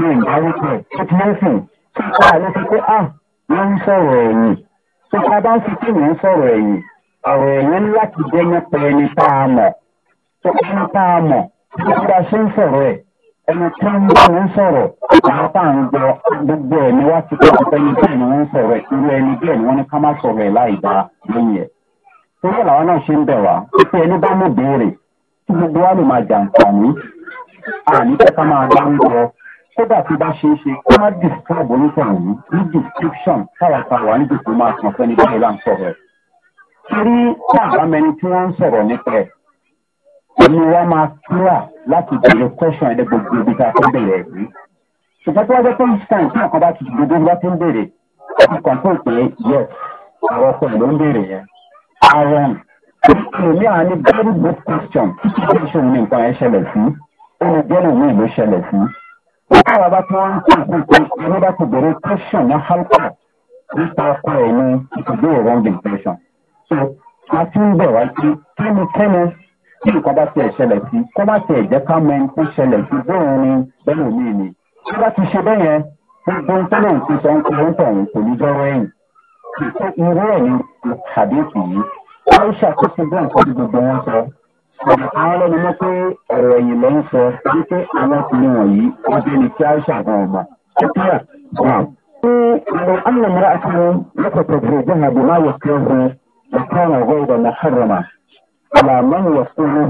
mi ò dárúkọ ẹ̀ tó ti lẹ́sìn tó ká ló fi pé ah wọ́n ń sọ̀rọ̀ ẹ̀yìn tó ká bá ń fi pé wọ́n ń sọ̀rọ̀ ẹ̀yìn ọ̀rọ̀ ẹ̀yìn láti dẹ́yìn pé ẹni tá a mọ̀ tó ẹni tá a mọ̀ tó ti bá ṣe ń sọ̀rọ̀ ẹ̀ ẹni tó ń bá wọn sọ̀rọ̀ àwọn tá à ń gbọ́ gbogbo ẹ̀mí wá ti pé ọ̀pẹ ni bẹ́ẹ̀ ni wọ́n ń sọ̀rọ̀ ẹ̀ irú ẹni bẹ́ẹ̀ ni wọ́n ní ká má sọ̀rọ̀ ẹ̀ láì dá lóyìn torí ẹ̀ làwọn náà ṣe ń bẹ̀ wá pé ẹni bá mú béèrè tí gbogbo wa lè máa jàǹfààní àní pé ká máa dá ń gbọ́ kódà tó bá ṣeé ṣe kó má describe orúkọ àwọn ní description káwàtà wà níbi tó máa kàn fẹ́ni báyìí là ń sọ̀rọ̀ ẹ̀. torí káàbámẹni tí wọ́n ń sọ̀rọ̀ nípa ẹ̀ ẹni wọ́n máa kíra láti béèrè question ẹ̀dẹ́ gbogbo ibi tá a fẹ́ bẹ̀rẹ̀ rí. ṣùgbọ́n tí wọ́n jẹ́ pé einstein tí àkàndá ti dúdú wá ti ń béèrè ó ti kọ̀ǹtún pé yes àwọn ọkọ ìlú ń béèrè yẹn. àwọn èmi à ní very good question títí tí ìṣòro nǹkan ẹ̀ ṣẹlẹ̀ sí olùgbẹ́nà mi ló ṣẹlẹ̀ sí táwọn bá tún ń tún tún tún ẹni bá ti bẹ̀rẹ̀ tẹ́sán ní halkọ́ nípa ọkọ ẹ̀ ní ìtọ́jú wrong impression. so a ti ń bẹ̀ wá sí kẹ́nikẹ́ni tí nǹkan bá tiẹ̀ ṣẹlẹ̀ sí kó má tiẹ̀ jẹ́ ká mọ ẹni tó ṣẹlẹ̀ sí bóun ni bẹ́ẹ̀ mi ni. tí bá ti ṣe bẹ́ẹ̀ yẹn gbogbo ń tẹ́lẹ̀ ń sọ ń kọ́ ń tọ̀ ń kò ní jọ́rọ́ ẹ̀yìn. ìrú ẹ̀ ni àdéhùn yìí ó ṣàkóso bí nǹkan gbogbo wọn sọ àwọn ọlọ́ni mọ́ pé ọ̀rọ̀ ẹ̀yìn ló ń sọ wípé àwọn ọkùnrin wọ̀nyí wọ́n dé ní kí á ṣàgbọ́n ọmọ. ó kíyà wà. ṣé àwọn ọlọ́mọdé akọrin lọ́kọ̀tọ̀ fún ìjọ àbí máa wọ̀ kí ó hun ọ̀kọ́rọ̀ ọ̀gọ́ ìgbà náà hàrọ̀mà. àlàmọ́ wọ̀ fún un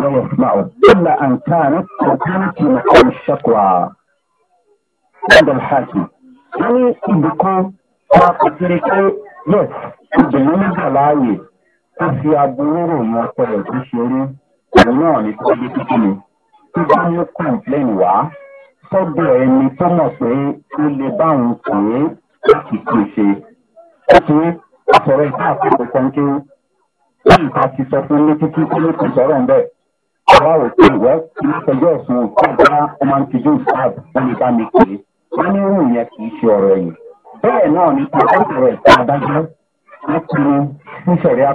lọ́wọ́ fúnmá ọ̀. ìlà àǹkáàrin kọ̀ọ̀kan kì í kọ́ ṣẹ́kọ̀ọ́. wọ́n ní ibùkún wọn kò tó fi aburú ròyìn ọpọ rẹ̀ tó ṣe rí òun náà ní kó dé kíkí ni tí bá mú kọ̀ǹpléènì wá sọ́dọ̀ ẹni tó mọ̀ pé ó lè bá òun pè é láti tún ṣe ó ti rí àtọ̀rọ̀ ìta àkókò kan lẹ́yìn tá a ti sọ fún ní títí kó ló ti sọ̀rọ̀ ńbẹ̀ àwa ò tí ìwẹ́ kí ló fẹjọ́ ẹ̀sùn ọ̀gá ọmọ nìkejì ìfàb lórí bá mi pè é wọ́n ní irú yẹn kì í ṣe ọ̀rọ̀ ẹ̀yìn bẹ́ẹ̀ náà ni pé ọ̀rọ̀ ìta adájọ́ wọ́n pinnu nífẹ̀ẹ́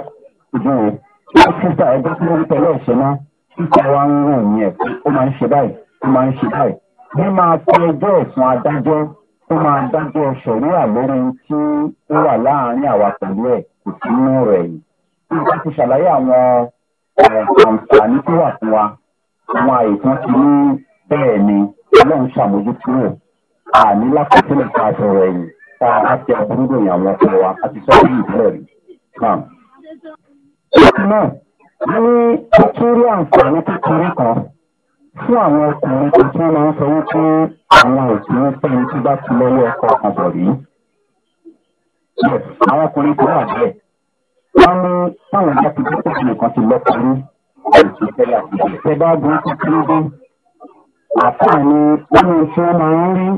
ìdí o wọ́n sísá ẹgbẹ́ tí wọ́n tẹ̀lé ẹ̀ṣẹ̀ náà sísá wa ń rìn ní ẹ̀ ó máa ń ṣe báyìí ó máa ń ṣe báyìí ní máa kọ ẹjọ́ ẹ̀sùn adájọ́ ó máa dájọ́ ṣẹ̀ríà lórí tí ó wà láàárín àwa pẹ̀lú ẹ̀ kò sí inú rẹ̀ yìí bí wọ́n ti ṣàlàyé àwọn àǹfààní tó wà fún wa àwọn àìsàn ti ní bẹ́ẹ̀ ni ọlọ́run ṣàmójúkúrò àní lákòókò nípa àṣọ rẹ̀ yìí tá a ti àbúrò ìyàwó ọkọ wa àti sọ́ọ́ yìí bẹ́ẹ̀ rí bákan náà ní ó tún rí àǹfààní kékeré kan fún àwọn ọkùnrin kan tí wọ́n máa ń sọ wípé àwọn òbí ń pẹ́ ní tí bá ti lọ́wọ́ ọkọ̀ kan bọ̀ rí. àwọn ọkùnrin kan wà bẹ́ẹ̀ wọ́n ní táwọn ìjà ti dúpọ̀ nìkan ti lọ́kùnrin ètò ìṣẹ̀lẹ̀ àtìṣẹ́ bá burú kékeré dé. àtàní nínú iṣẹ́ máa ń rí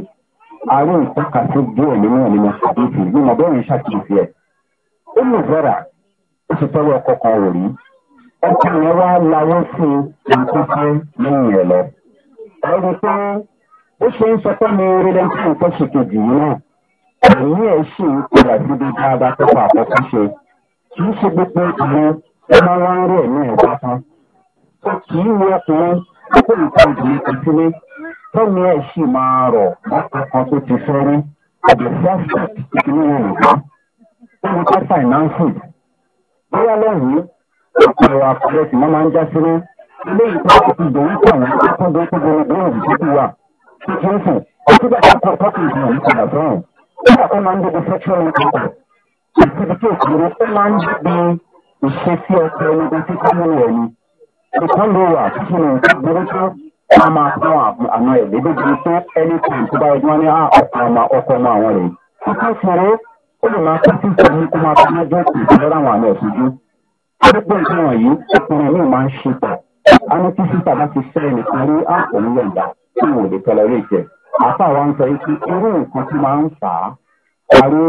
àárín ìtàkàṣe díẹ̀ nínú ẹ̀mí wọn àti ìfìdí mọ̀ bẹ́ẹ̀ ń ṣàkíyèsí ẹ̀. ó lè fẹ́ràn ó ti tẹ́wọ́ ọkọ̀ kan rò rí ọkọ̀ yẹn wá lawọ́ sí nǹkan kan lẹ́yìn rẹ̀ lọ. ẹ̀rí pé ó ṣe ń sọ pé mo rí lẹ́yìn fún nǹkan ṣe kejì yìí náà èyí ẹ̀ sì ń padà síbi dáadáa tó pa àkọ́kọ́ ṣe kì í ṣe gbogbo ìlú ẹ máa wá ń rí ẹ̀mí ẹ̀ pátán. ó kì í wọ ọkùnrin kókó nǹkan ìdílé kejìlé tẹ́mi ẹ̀ sì máa rọ̀ lọ́kọ̀ọ̀kan tó ti fẹ́ rí ọ̀dọ̀ fẹ́ẹ́ fẹ́ẹ́ ìpínlẹ̀ yorùbá ó ní ká fàìnánsì bóyá lọ́hùn-ún àpàrọ̀ àkọlẹ́sì wọn máa ń já síná léyìí tó ti fi dòwú tàn wọn tó tún dòwú tó gbọmọ gbọmọ bí títí wà títí ń sùn títí bá tó kọ tó ìdùnnú yìí padà sọrùn nígbà tó máa ń débi sexual encounter ìsibí tó kúrò ó máa ń débi ìṣesí ọkọ ẹni tó ti kọ́mọ́ rẹ̀ ni ìkan ló wà títí ní nǹkan burú tó a máa fún àwọn ẹ̀mí débi pé ẹni tó ìtura ẹgbẹ́ wọn ní ah, ọkọ̀ ọmọ àwọn rẹ̀ títí ó lè máa kọ́tí sọ̀rọ̀ ní kó máa fi májọ́ kù lọ́dọ̀ àwọn àlọ́ ìṣojú. gbogbo nǹkan wọ̀nyí ọkùnrin míì máa ń ṣe pọ̀ a ní kí sísà bá ti fẹ́ ẹnìkan rí àpòmí yọ̀ǹda tí wò lè tọ́lọ lè jẹ. àfa wa ń sọ yìí pé irú nǹkan tí máa ń fà á parí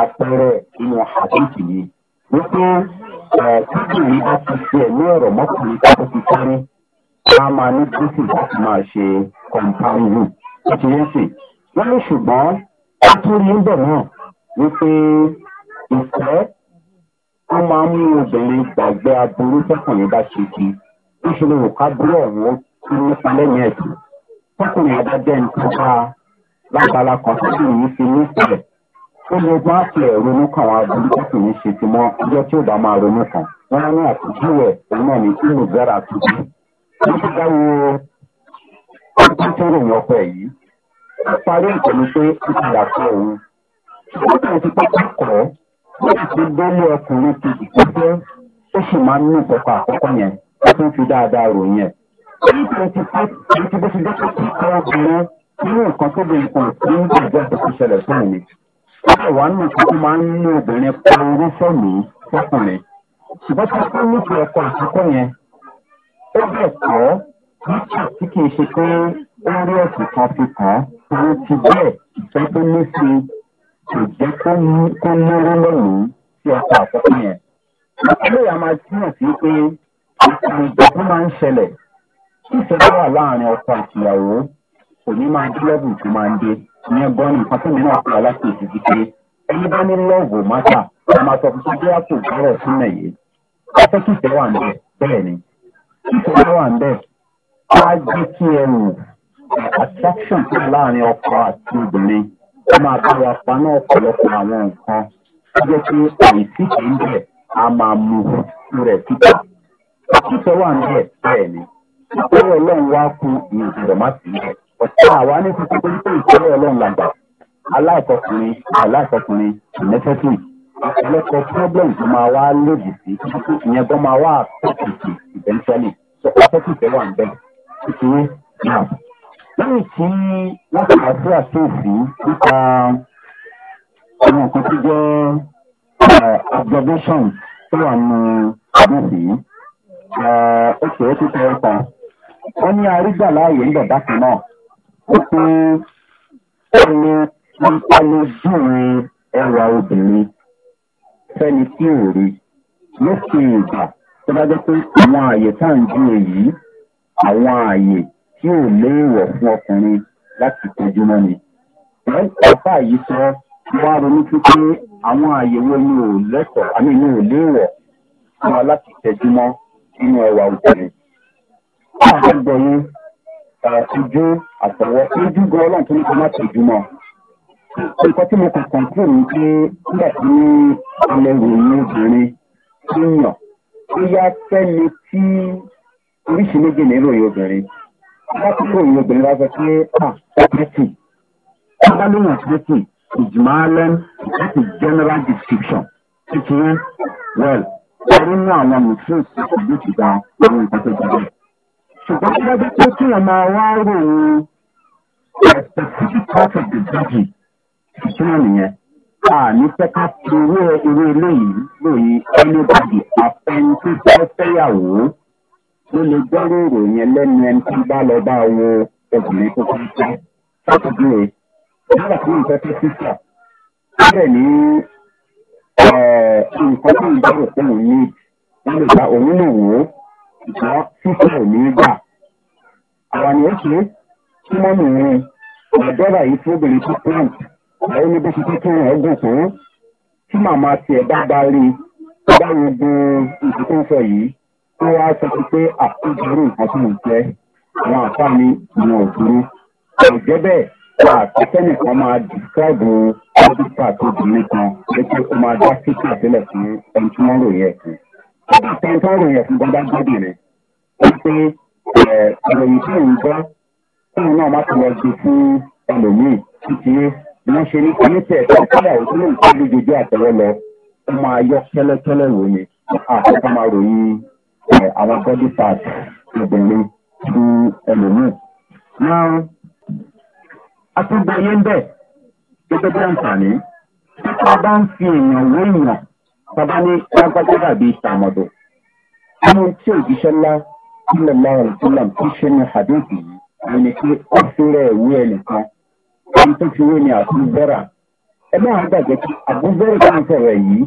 àpẹẹrẹ inú àdéhùn yìí wípé kíndìnrín bá ti fi ẹ̀mí ọ̀rọ̀ mọ́kùnrin tó ti sáré a máa ní gúúsù láti máa ṣe kọ̀ǹpáìlì ó ti yẹn sì wọ́n ní ṣùgbọ́n a tún rí bẹ̀ náà wípé ìfẹ́ ó máa ń mú obìnrin gbàgbé aburú tọkùnrin bá ṣe kí ìṣòro òkàbúrò ọ̀hún tún nípa lẹ́yìn ẹ̀sìn tọkùnrin adájẹ́ ń tó bá lágbára kan tó sì ní fi nífẹ̀ẹ́ ó lè bá tiẹ̀ ronú kan àwọn aburú tọkùnrin ṣe ti mọ ọjọ́ tí ó bá máa ronú kan wọn á ní àpèjúwe òun náà ní kí lùgbẹ́ra tuntun wọn ti dáwọ́ ọdún tó ròyìn ọpẹ yìí parí ìtọ́ ni pé ìpadà kọ òun. Ó kàn ti pápá kọ̀ ọ́, ó sì ti délé ọkùnrin kejì tó jẹ́ ó sì máa ń ní ìkọ̀kọ̀ àkọ́kọ́ yẹn, ó tún fi dáadáa ròyìn ẹ̀. Oníkan ti pé èyí ti bó ti dọ́kọ̀ tó kọ́ obìnrin nínú nǹkan tó bẹ nǹkan ní ìgbàgbọ́ àti ìṣẹ̀lẹ̀ fún mi. Ó bẹ̀ wá nù tó máa ń ní obìnrin pa orí sẹ́mi fọkùnrin. Ṣùgbọ́n tí a fẹ́ nífẹ̀ẹ́ ọkọ̀ àkọ́kọ́ wo ti bẹ́ẹ̀ ìfẹ́ tó ní sí kò jẹ́ kó lórí lẹ́yìn sí ọkọ̀ àkọ́kọ́ yẹn. ìpínlẹ̀ yà máa túmọ̀ sí pé ìpànìjà tó máa ń ṣẹlẹ̀ tí ìṣẹ́jú wà láàrin ọkọ àti ìyàwó kò ní máa dé lẹ́bù tó máa ń dé ìyẹn gan ni nǹkan tó ní náà kúrò láti èsì kékeré ẹni bá ní lọ́ọ̀bù mátà ẹ máa sọ fún bí àpò ìbárẹ̀ sílẹ̀ yìí ọ̀fẹ́ kìfẹ́ wà ń bẹ̀ bẹ́ẹ̀ ni kìfẹ́ wà ń bẹ̀ á jẹ́ kí ẹrù attraction tó láàrin ọkọ àti obìnrin ó máa bá wa paná ọ̀pọ̀lọpọ̀ àwọn nǹkan ó jẹ́ pé àìsí kìí bẹ̀ a máa mu rẹ̀ títà títọ́ wà níbẹ̀ bẹ́ẹ̀ ni ìpínlẹ̀ ọlọ́run wá ku ìrìnàjò má sí ilẹ̀ àwa ní fífi pé ìpínlẹ̀ ọlọ́run làgbà aláìkọkùnrin aláìkọkùnrin problem tó máa wá lòdì sí ìyẹn gan máa wá eventually wà níbẹ̀ lẹ́yìn tí wọ́n ti àṣẹ àṣeèsí nípa àwọn nǹkan tó jẹ́ uh, observation tó wà nù àdéhùn yìí uh, ó ṣe é títẹ ẹ̀ka wọ́n ní arígbà láàyè ń bẹ̀ bákan náà ó pé ẹni ẹni júwe ẹwà obìnrin fẹ́ni tí ò rí lókè ìgbà tó bá jẹ́ pé àwọn àyè tá à ń júwe yìí àwọn àyè tí ò léèwọ̀ fún ọkùnrin láti tọ́jú mọ́ ni. ọ̀pá yìí sọ wọ́n á ronú pé pé àwọn àyẹ̀wò inú ò lẹ́kọ̀ọ́ àmì inú ò léèwọ̀ fún wa láti tẹ́jú mọ́ nínú ẹwà obìnrin. àgbẹ̀gbẹ̀ yẹn àtijú àtọwọ́ ojú gan ọlọ́run tó ní kó má tẹ̀jú mọ́. nǹkan tí mo kàn kàn kúrò ní pé nígbà tí ọmọ ìròyìn obìnrin ń yàn bóyá fẹ́ni tí oríṣi méjì ní ìròyìn obìnrin lásìkò ìwé obìnrin bá sọ pé àtẹ́tì abálóhùn àtẹ́tì ìjùmọ̀ alẹ́ láti general description títúrú well ọdún mú àwọn mùsùlùmí ìlú ti gba àwọn nǹkan tó gbàgbé. ṣùgbọ́n tí wọ́n bá tó kí wọ́n máa wá ròyìn specific part of the body ìtumọ̀ nìyẹn a ní fẹ́ ká fi owó ewé eléyìí lóyìn anybody àfẹnusẹ́fẹ́yàwó ló lè gbọ́rọ̀ ìròyìn lẹ́nu ẹni tí bá lọ bá wo obìnrin tó fi jẹ́ sátidé rẹ̀ nígbà tí nǹkan tó fi jà bẹ́ẹ̀ ní nǹkan tó ń gbọ́rọ̀ pé òun ní wọ́n lè gba òun lè wò ó ìgbà fífẹ́ ò ní gbà. àwọn ni ó ṣe kí wọ́n nù ún àjọba yìí fún obìnrin tó plant àwọn oníbó ti tó kírun ọgbọ̀n fún tí màmá tiẹ̀ bá bá rí i bá wo gun ìdíkùn sọ yìí wọ́n wá sọ pé àkójúrò nǹkan tí mò ń jẹ́ àwọn àfa mi ìyẹn ò dúró kò jẹ́ bẹ́ẹ̀ wà kẹ́kẹ́nìkan máa describe ọ́dúnfà tó obìnrin kan létí ó máa dá síkì àtẹ́lẹ̀ fún ẹni tí wọ́n ròyìn ẹ̀sìn. ẹni tí wọ́n ròyìn ẹ̀sìn gbọ́dá gbọ́dọ̀ rẹ̀ ó pé ìròyìn tí òun gbọ́ fún un náà má ti lọ gbé fún ẹlòmíì títí wọ́n ṣe ní oníṣẹ́ ẹ̀ka kọ́dà òtún lóun tó lójoojúmọ́ àtẹ́wọ́ lọ ó àwọn body part obìnrin ti ẹlòmíì. Now, atúgbò yẹn bẹ̀ gẹ́gẹ́ bí àǹfààní. Tá a bá ń fi èèyàn wé èèyàn, tá a bá ní lágbájá dàbí tàmọ̀dò. Nínú tí òjíṣẹ́ ńlá ilẹ̀ láàrín ìtúlàm tí ṣe ní àdéhùn yìí, mo ní pé ó fẹ́rẹ̀ ìwé ẹnìkan. Ẹni tó fi wé ni àbúbẹ́rà. Ẹ máa ń gbàgbé pé àbúbẹ́rà tó ń sọ̀rọ̀ yìí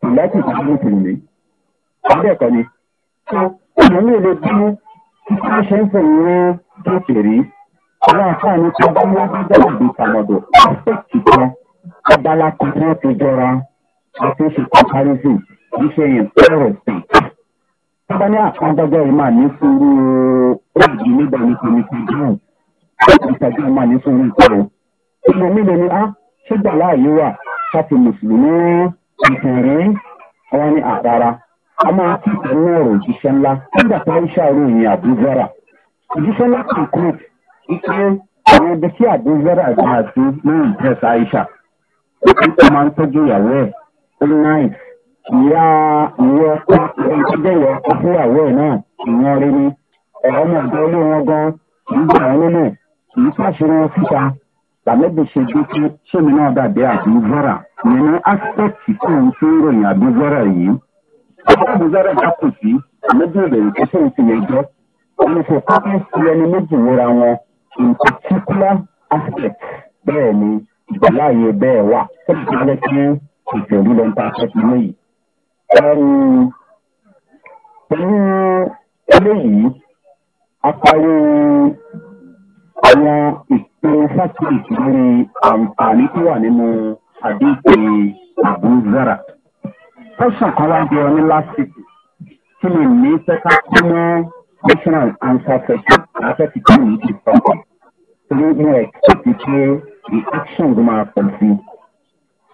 kò láti ìdílé tèmi àbẹ́ẹ̀kọ́ ni. Òun lè lè bí kíkọ́ ṣe ń fẹ̀yìn rẹ̀ gẹ̀ẹ́sì rí. Aláàfáà ni tí ọba wọn bá dẹ̀rọ̀ bí tàmọ̀dọ̀. Pásítẹ̀kì kan abala kan tí wọ́n ti jọra àti ṣe comparison kì í ṣe yẹn pẹ́rẹ̀ sí. Tọ́ba ní àkọ́ńdọ́gbọ́ yìí máa ní sùúrù òògì nígbà ní kìnnìkan jùlọ. Ìtàjú máa ní sùúrù ìkọrọ. Ìlú mi lè ní á ṣé gbà láàyè wà káfí Mùsùlùmí a máa kíkọ́ ní ọ̀rọ̀ òjíṣẹ́ ńlá nígbà tá ń ṣàròyìn àbúzára òjíṣẹ́ ńlá concrete wípé àwọn ibi tí ní ìjẹsà aisha ó máa ń tọ́jú ìyàwó ẹ̀ ó náì ìyá ìyá ọkọ ẹni tó jẹ́ ọkọ fún ìyàwó náà rí ni ọ̀dọ́ ilé wọn gan kì í gbà wọn kì í pàṣẹ wọn ọmọ àbúzárẹ̀ bá kù sí àmọ́jú ìbẹ̀rù tó ṣe ìṣẹ̀lẹ̀ jọ wọn fi pápá sí ẹni méjì wúra wọn in particular aspect bẹ́ẹ̀ ni ìgbàláàyè bẹ́ẹ̀ wà sẹ́yìn tó lẹ́ kí ìṣèlú lọ́nta akẹ́kọ̀ọ́ yìí. pẹ̀lú eléyìí apárí àwọn ìpinnu sákìlì lórí àǹfààní tó wà nínú àdéhùn àbúzárẹ̀ question kan wá bí ọ ní last week kí ni mi fẹ́ ká kú mọ́ national answer session afẹ́ ti kí ni ti sọ̀rọ̀ torí mi ẹ̀ kí ti pé the action ló máa pọ̀ sí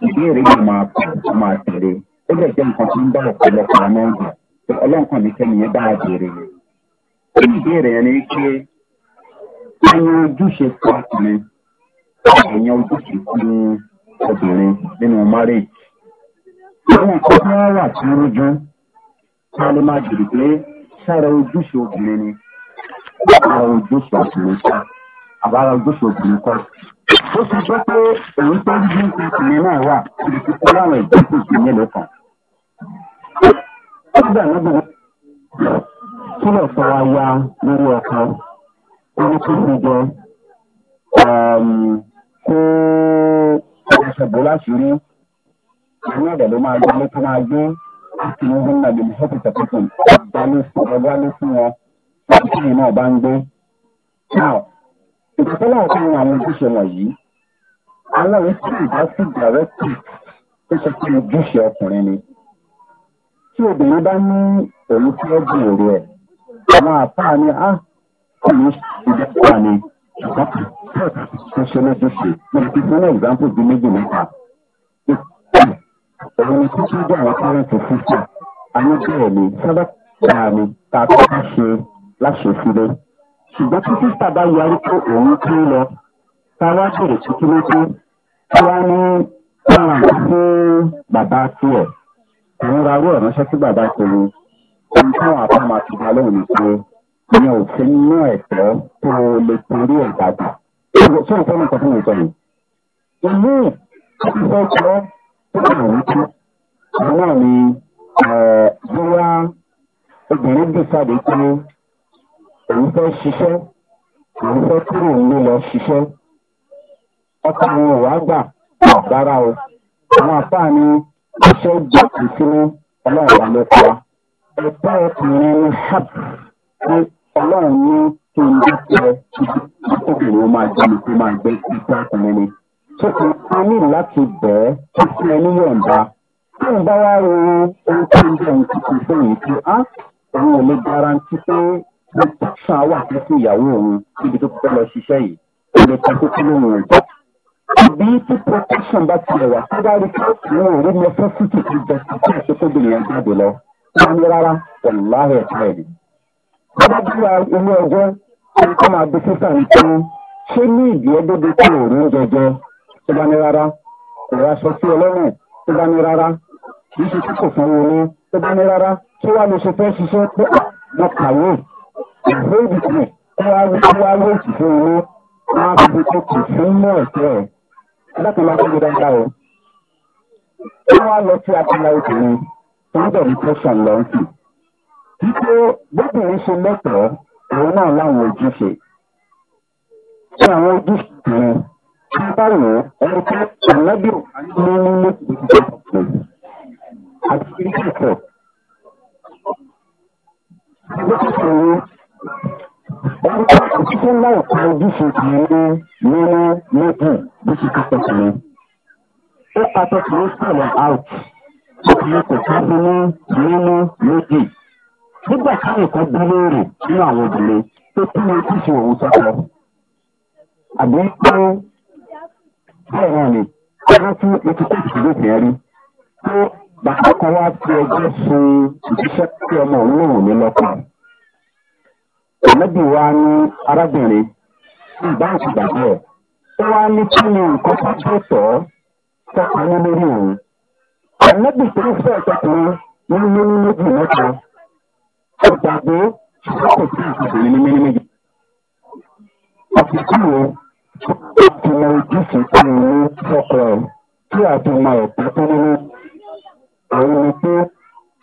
ìbéèrè yìí máa pọ̀ ló máa tẹ̀lé ó lè jẹ́ nǹkan tó ń bá ọ̀pọ̀lọpọ̀ ọmọ ọ̀gbìn tó ọlọ́nkàn ní kẹ́ni yẹn bá a béèrè yẹn. ó ní ìbéèrè yẹn ni pé ẹyin ojúṣe fún ọkùnrin ẹyin ojúṣe fún obìnrin nínú marriage àwọn nǹkan tí wọ́n wà tí wọ́n rújú tí wọ́n lè máa jèrè pé sára ojúṣe obìnrin ni àbára ojúṣe obìnrin kọ́ àbára ojúṣe obìnrin kọ́. ó ti jẹ́ pé èyí tó ń bí ìpínlẹ̀ náà wà ibi tí kó láwọn ìgbésẹ̀ sí mélòó kan. ó dà lọ́dún kí lè sọ wa ya lórí ọkọ orí tó fi jẹ kó aṣọ bó láti rí àwọn ọ̀rọ̀ ló máa gbé ló tó máa gbé láti ní wọn náà lèmi help the person ọgbà ló fún wọn láti ní náà bá ń gbé. now ìtọ́sọ́lá ọ̀kan ní àwọn ojúṣe wọ̀nyí àwọn èsì ìdá sí directive tó ṣe pé ojúṣe ọkùnrin ni. tí obìnrin bá ní òun fẹ́ bèrè ẹ̀ àwọn àfáà ah, ni á kò ní ìdẹ́kùn àná ṣùgbọ́n tó ṣe lójúṣe mo ti fún bíi méjì mẹ́ta òun ni títí dé àwọn parent fífà anígbẹ̀rẹ̀ ni sábà tà ní tàbí ká ṣe láṣẹ̀fílẹ̀ ṣùgbọ́n tí sísà bá yarí pé òun kí ń lọ táwa bèrè títí lójú táwa ní táwa ń fún bàbá tiẹ̀ òun ra owó ìránṣẹ́ sí bàbá tòun ohun táwọn àbá máa ti dá lóhùn ni mi ò fi ní ẹ̀fọ́ tó lè torí ẹ̀ dàgbà ṣé o fẹ́ mi sọ fún mi sọ yìí. èmi ò ti náà ń kú àwọn náà ni bóyá obìnrin bí sáde pé òun fẹ́ ṣiṣẹ́ òun fẹ́ kúrò nílé lọ ṣiṣẹ́ ọkọ àwọn òwà gbà rárá o àwọn àfáà ni iṣẹ́ ìgbàkú sínú ọlọ́run ló pa ẹ̀tọ́ ọkùnrin ní hap pé ọlọ́run ní kí n dúpẹ́ kí máa jẹ́ mi kí máa gbé ìgbà ọkùnrin ni tó ti a ní láti bẹ̀ ẹ́ tó fún ẹ níyọ̀ǹda tó ń bá wá ro ohun tó ń jẹun tuntun fún yìí pé á òun ò lè garanti pé ó sàn wà fún ìyàwó òun níbi tó fẹ́ lọ ṣiṣẹ́ yìí ó lè ta kókó lóhùn ọ̀dọ́. àbí tí protection bá tilẹ̀ wà tó bá rí káàkiri wọn ò rí mọ fún fútù tó jẹ kí ẹ̀ṣẹ́ tó bìnrin yẹn jáde lọ wọ́n ní rárá wàláhì ẹ̀ka ẹ̀ ni. tó bá dúró inú ẹgbẹ́ ẹni tó máa gbé sísà ń tán ṣé ní ìdí ẹgbẹ́ tó kúrò ní jẹjẹ tó bá ní rárá kò raṣọ sí ọlọ́run tó bá ní rárá kì í ṣe tí kò fún owó tó bá ní rárá tó wà lóṣù fẹ́ ṣiṣẹ́ pé mo kàwé ìwé ìdìbò tó wá wé tó wá wé òṣìṣẹ́ owó máa fi di tó kù fún mọ́ ẹ̀kẹ́ ẹ̀ adákan máa fún gbọdọ̀ gbà ó. wọ́n wá lọ sí abúlé obìnrin tó ń bẹ̀rù tẹ̀sán lọ́ńtì wípé bóbìnrin ṣe lẹ́tọ̀ọ́ òun náà láwọn ojúṣe tí àwọn ojúṣe kan Akọ̀wé ẹni tó ànábì òkú ní ìdíje àti ìdíje. Ìgbésẹ̀ ẹni tó òṣìṣẹ́ náà kan ojúṣe kìíní nínú méjì bí ti ká pẹ̀lú. Ó pàtó kìí sọ̀rọ̀ out. Ó kìí kò ká sí ní nínú méjì. Nígbà táwọn kan bí léèrè nínú àwọn obìnrin tó kí ni ojúṣe òun sọ́kọ. Àbí pé bẹ́ẹ̀ náà ni wọ́n tún etí kóòtù tó lóògùn ẹ̀rí pé bàbá kan wá fi ẹjọ́ sun ìdíṣẹ́ pé ọmọ òun lòun ní lọ́kàn. ọ̀nẹ́bí wa ní arábìnrin ní báńkì bàbá ẹ̀ ó wá ní kí ni nǹkan tó tó tọ̀ ọ́ tọ́ka ní lórí òun. ọ̀nẹ́bí tó ń fẹ́ ọ̀tọ̀kùnrin ní lórí méjì mẹ́ta ọ̀gbàgbé ṣùgbọ́n kò sí ìṣòro ní mímí méjì. ọ̀sẹ̀ kúrò ó ti mọ ojúṣe tí mo ní fọ́kọ ẹ̀ tí àti mọ ẹ̀ka tó nínú àwọn ẹni pé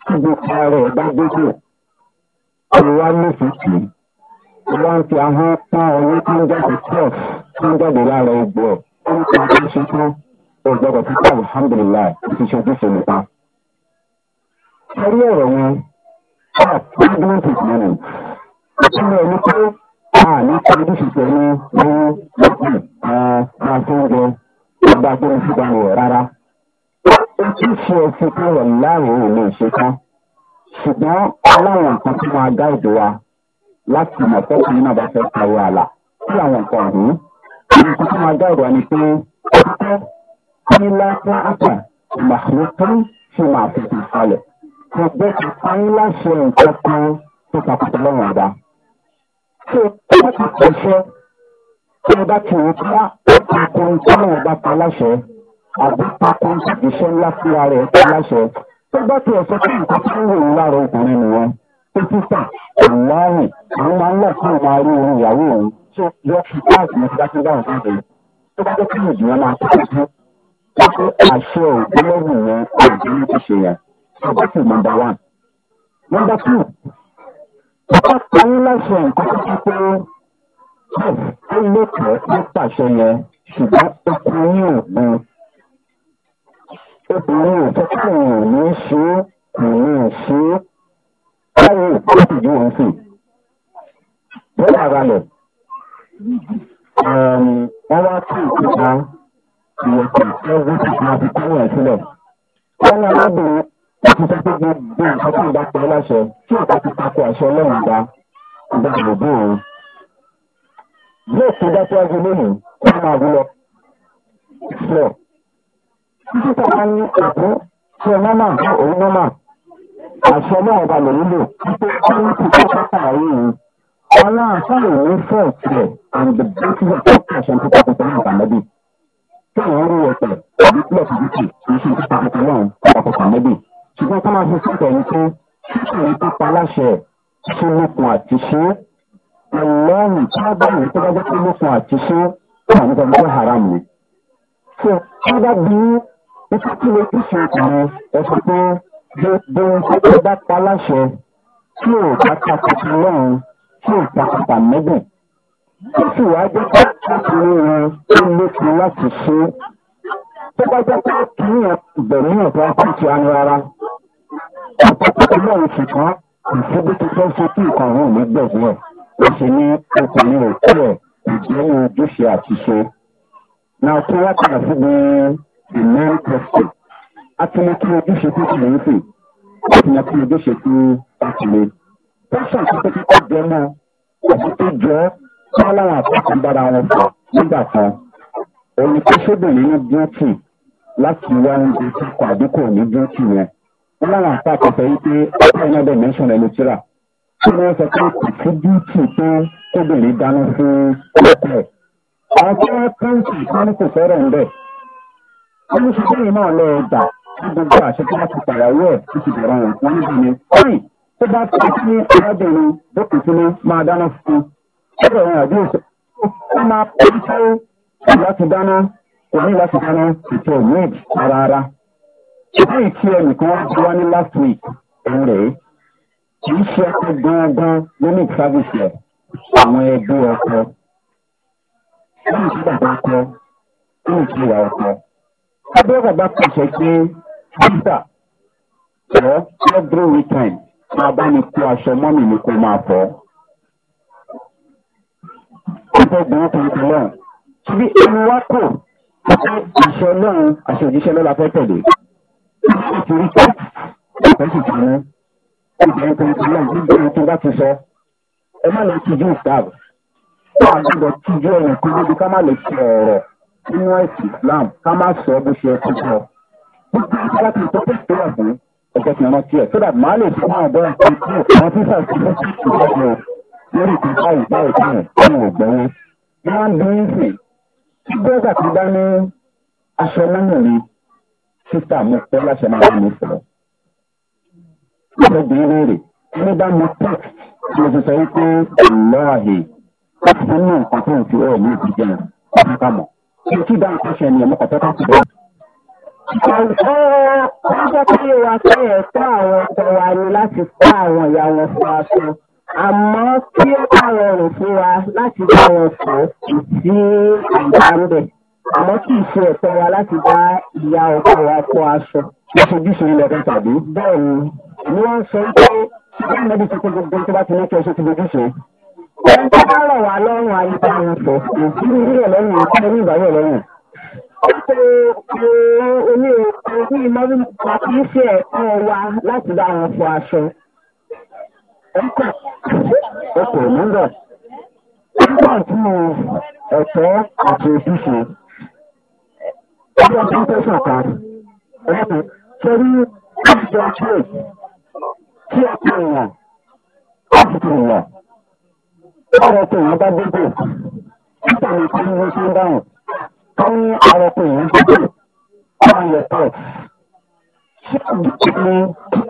tí gbogbo ara ẹ̀ bá gbogbo ọ̀rọ̀ wa lóṣù tì í wọ́n ń fi ahọ́n pọ́n ọwọ́ tó ń jáde pọ̀ tó ń jáde lára ẹgbẹ́ ẹ̀ ó ń pa tó ṣe tán ọ̀gbọ́dọ̀ títà alhamdulilayi ti ṣe ojúṣe nìkan. sọ́rí ọ̀rọ̀ wọn ṣáà pàdé ní ìpínlẹ̀ ìpínlẹ̀ ní pé a ní kọ́mídìsì pẹ̀lú owó lọ́kùn àtúndẹ ọba tó ń fúnpa rẹ̀ rárá. ojú ṣe ẹsẹ̀ káwọ̀ láàrin ò lè ṣe tán ṣùgbọ́n aláwọ̀ nǹkan tó máa gáàdì wa láti mọ̀ tọ́kùnrin náà bá fẹ́ kàwé àlà sí àwọn nǹkan ọ̀hún. nǹkan tó máa gáàdì wa ni pé ọ̀pẹ́ ní lápá àpà màlúkú ṣe máa fi kì í falẹ̀. ọ̀gbẹ́ kan láṣẹ nǹkan kan tó takùtà lọ́rùn àdá tó bá ti pèsè tí ẹ bá ti rò ká ọkọ tí náà bá pa láṣẹ àbí pápá iṣẹ́ ńlá fúnra rẹ̀ pa láṣẹ tó bá ti ẹ̀sọ́ tí nǹkan tí ń ròyìn lára obìnrin nìyẹn tó títà ìlàrin àwọn máa ń lọ fún ọmọ arí orin ìyàwó òun tó yọ fi káàdì ní ìdájọ́ dáhùn jáde tó bá jẹ́ kí ìdíyẹn máa tó tó tó àṣẹ ògbólógùn yẹn àbí ti ṣe yẹn tó wọ́n pa yín láṣẹ nǹkan tó ti pé ó lẹ́kọ̀ọ́ ló pàṣẹ yẹn ṣùgbọ́n ọkùnrin ò gbọ́ obìnrin ò fẹ́ kí òun ò ní ṣe é òun ò ṣe é báyìí ó sì yí òun sì bẹ́ẹ̀ ara lẹ̀ wọ́n wá kí ìtura ìyẹ̀kọ̀ ẹ̀rọ ti máa fi kúrò ẹ̀ sílẹ̀ wọ́n ní arábìnrin láti sọ pé gbogbo nǹkan tí ìgbà pẹ́ láṣẹ tí ìgbà ti takò àṣẹ ọlọ́run gba ìgbà gbogbo òun. yóò tó dá síwájú lónìí kó máa wú lọ. ìfẹ́ títà máa ń ní òkú tí ẹ nọ́mà ní òun nọ́mà àṣẹ ọlọ́run ba lòún lò wípé ọ̀hún ti kọ́ pápá ayé yìí. aláàfáà ìwé fẹ́ẹ̀ tiẹ̀ and the basis of the question tó kọ́kọ́ sọ́nà àbámẹ́bí. kí àwọn orí ẹ̀pẹ̀ àbí pílọ̀tì ṣùgbọ́n ká máa fi síbẹ̀ ní pé títí ní pípa láṣẹ ṣe lókun àti ṣe ọlọ́run tí wọ́n bá yìí tó bá jẹ́ pé lókun àti ṣe wà nípa bí wọ́n haram ni. ṣé wọ́n bá bí ikú tí lè kí ṣe ìkùnrin ẹ sọ pé bí wọ́n ṣe tó bá pa láṣẹ tí ò bá takùtù lọ́run tí ò takùtà mẹ́gbẹ̀ẹ́. ó sì wá jẹ́ pé ọkùnrin rẹ̀ ó lókun láti ṣe é tó bá jẹ́ pé kì í yàn bẹ̀rẹ̀ yàn tó ń kú ti ara rárá. ọ̀pọ̀lọpọ̀ náà ń ṣùgbọ́n kò sí bí ti fẹ́ ṣe kí nǹkan ọ̀hún mi gbẹ̀gbẹ̀ ó sì ní ọkùnrin òkú ẹ̀ ìjẹ́wọ́ ojúṣe àtiṣe. náà kí wọ́n padà síbi the main question. a ti mọ kí ojúṣe tó ti lè ń a ti mọ kí ojúṣe tó bá ti lè. pẹ́sàn tó tó kíkọ́ jẹ́ mọ́ ọ̀sán tó jẹ́ kí wọ́n láwọn àpapọ̀ ń bára wọn fọ̀ nígbà kan. òní kó sóbìnrin ní bíọ́tì láti wá oúnjẹ tí kò àdínkù ní bíọ́tì yẹn wọn láwọn àpá àkọsọ yìí pé ọkọ iná bẹ mẹsàn ẹnu tíra tí wọn sọ pé kò sí bíọ́tì tó kóbìnrin dáná fún ọkọ ẹ àwọn tí wọn káńtì sáré kò fẹ́rẹ̀ ń bẹ̀ wọn ní sọ́kùnrin náà lọ gbà ní gbogbo àṣẹ tí wọn ti pàyàwó ẹ̀ tó ti bẹ̀rẹ̀ wọn wọn níbi ni fáìn tó bá ti sí arábìnrin dókè sínú máa dáná fún un ó bẹ̀rẹ̀ àdéhùn ó máa pẹ́ kò ní láti dáná ètò míì rárá. ṣùgbọ́n ìtí ẹnìkan wá bí wá ní last week ń rèé kì í ṣe ọkọ gangan lónìí ìsáfíìsì ẹ̀ àwọn ẹbí ọkọ lónìí tí bàbá kọ lónìí tí ìyá ọkọ. abẹ́rẹ́ bàbá pàṣẹ pé bíbà ọ̀ every weekend máa bá mi kó aṣọ mọ́mì mi kó máa fọ́. ọ̀pọ̀ obìnrin kan ti lọ́n ṣíbí ẹnu wá kò àṣẹ náà àṣẹ òjíṣẹ́ náà la fẹ́ tẹ̀lé nítorí pé ọ̀pẹ́ sì ti mú ìbẹ̀rẹ̀ tó ń ti náà bí ìbẹ̀rẹ̀ tó bá ti sọ ẹ má lọ tijú ìsáàbù ká gbọdọ̀ tijú ọ̀nà kí níbi ká má lè fi ọ̀rọ̀ nínú ẹ̀sìn islam ká má sọ bó ṣe ẹkú sọ nígbà tí wọ́n ti tó tó wà fún ọ̀pẹ́ tí wọ́n tiẹ̀ sódà má lè fún àwọn ọ̀dọ́ àwọn tí sàkóso fún ìṣòro lórí ìpínlẹ̀ báyìí báyìí báyìí tí bẹ́ẹ̀sà ti bá ní aṣọ lọ́yàn ni sísà mo fẹ́ láṣẹ máa fún mi sọ̀rọ̀. ìṣègùn ìrèrè ní bá mo tẹ̀ mo ti sọ wípé ìlọ́ọ̀hì láti fún mi nǹkan tó ń fi ọ̀rọ̀ mi ti jẹun ọ̀fun ká mọ̀. kí kí bá ń pàṣẹ ni ọmọ kọ̀ọ̀kan ti bọ̀. Ọ̀rọ̀ ọjọ́ kí wọ́n pé ẹ̀kọ́ àwọn ọkọ wa ni láti kọ́ àwọn ìyá wọn fún aṣọ àmọ́ kí ó bá rọrùn fún wa láti bá wọn fún ìdí ìgbà ń bẹ̀ àmọ́ kì í ṣe ẹ̀tọ́ wa láti bá ìyá ọkọ wa kó aṣọ. lọ́sọ̀júṣe ilẹ̀ kan tàbí. bẹ́ẹ̀ ni ni wọ́n sọ pé bí mẹ́bí ti kó gbogbo tó bá ti ní ọṣọ ti lójúṣe. ẹni tó bá rọ̀ wá lọ́rùn ayíká ń sọ ìdílé rẹ̀ lọ́rùn ìpínlẹ̀ ní ìbáwọ̀ lọ́rùn. ó pe omi òkú ní ìmọ̀rí pàtó ṣe ọkọ̀ nígbà nígbà tí ẹ̀tọ́ àti ojúṣe ọjọ́ tó ń kan ẹ̀kọ́ sẹ́rí ìjọ tíyẹ̀ tí ọkọ̀ èèyàn ọ̀pọ̀ èèyàn ọ̀rọ̀kọ̀ èèyàn bá dégbò nípa nǹkan ní wọ́n ṣe ń dáhùn tó ní ọ̀rọ̀kọ̀ èèyàn dégbò ọ̀rọ̀ yẹn pẹ̀ ṣé àdúgbò ni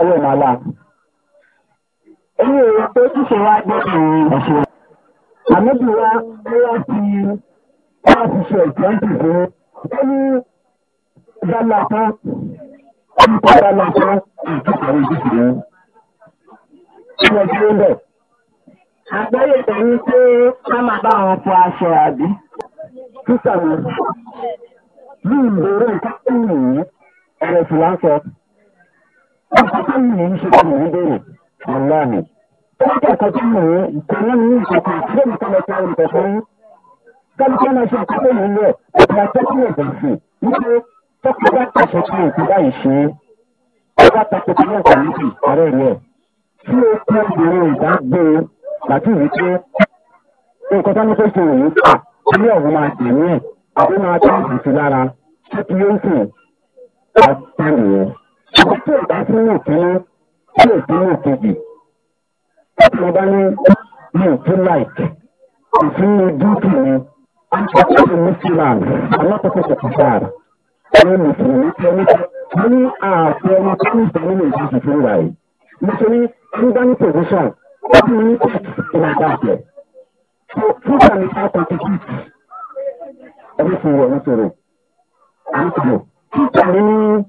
ẹ̀yẹ̀ máa èmi ò rò pé ṣíṣe wá gbọ́dọ̀ ìṣòro àmọ́bí wa ni wọ́n fi wọ́n fi ṣe ìtọ́jú fún ó ní dálà kan olùkọ́ dálà kan ìjọba ìdíje rẹ̀ tí wọ́n ti ń bẹ̀. àgbáyé tẹ̀lé pé ká máa bá wọn fọ aṣọ àbí. títà mi ní ìbéèrè ìtọ́jú nìyí ọ̀rọ̀ ìfìwà sọ. ọ̀sán tó yìí ń wàláhì. wọ́n kọ́ ọ̀kan tó ń rìn ìkànnì ní ìṣòkò ìṣòkò ìṣòkò ìṣòkò ìṣòkò ìṣòkò kálukú náà ṣe àkókò yìí lọ ọ̀pọ̀ àtọ́kùnrin ìbẹ̀sìn wípé tọ́kù bá tàṣọ tí òkú báyìí ṣe é ọba tako tí wọ́n kà níbi ààrẹ rẹ̀ tí ó kú obìnrin ìdá gbé e, nǹkan tó ń fẹ́ ṣe òun kà ilé ọ̀hún máa dì ní ẹ̀ àbí máa dá ìdìtì lára ṣé kí ló ń sìn àtàlù yẹn. àti tí ìdásílẹ̀ kìíní tí ò tún náà kejì láti lọ bá ní mi ò tún láìkì òfin ní dúkì mi àti mùsùlùmí alákòókò kòkòrò ẹni mùsùlùmí tí ẹni tó ní ààfin ẹni tó ní ìsọ̀rọ̀ ní ìdí tuntun rà yìí nítorí ní bá ní pòsíṣàn ó ti ní tẹ̀sí ìlà dáàbẹ̀ fúnra mi ká kọ́ ti kíkì ẹni fún wọn nítorí àníkùnrin kíkà ní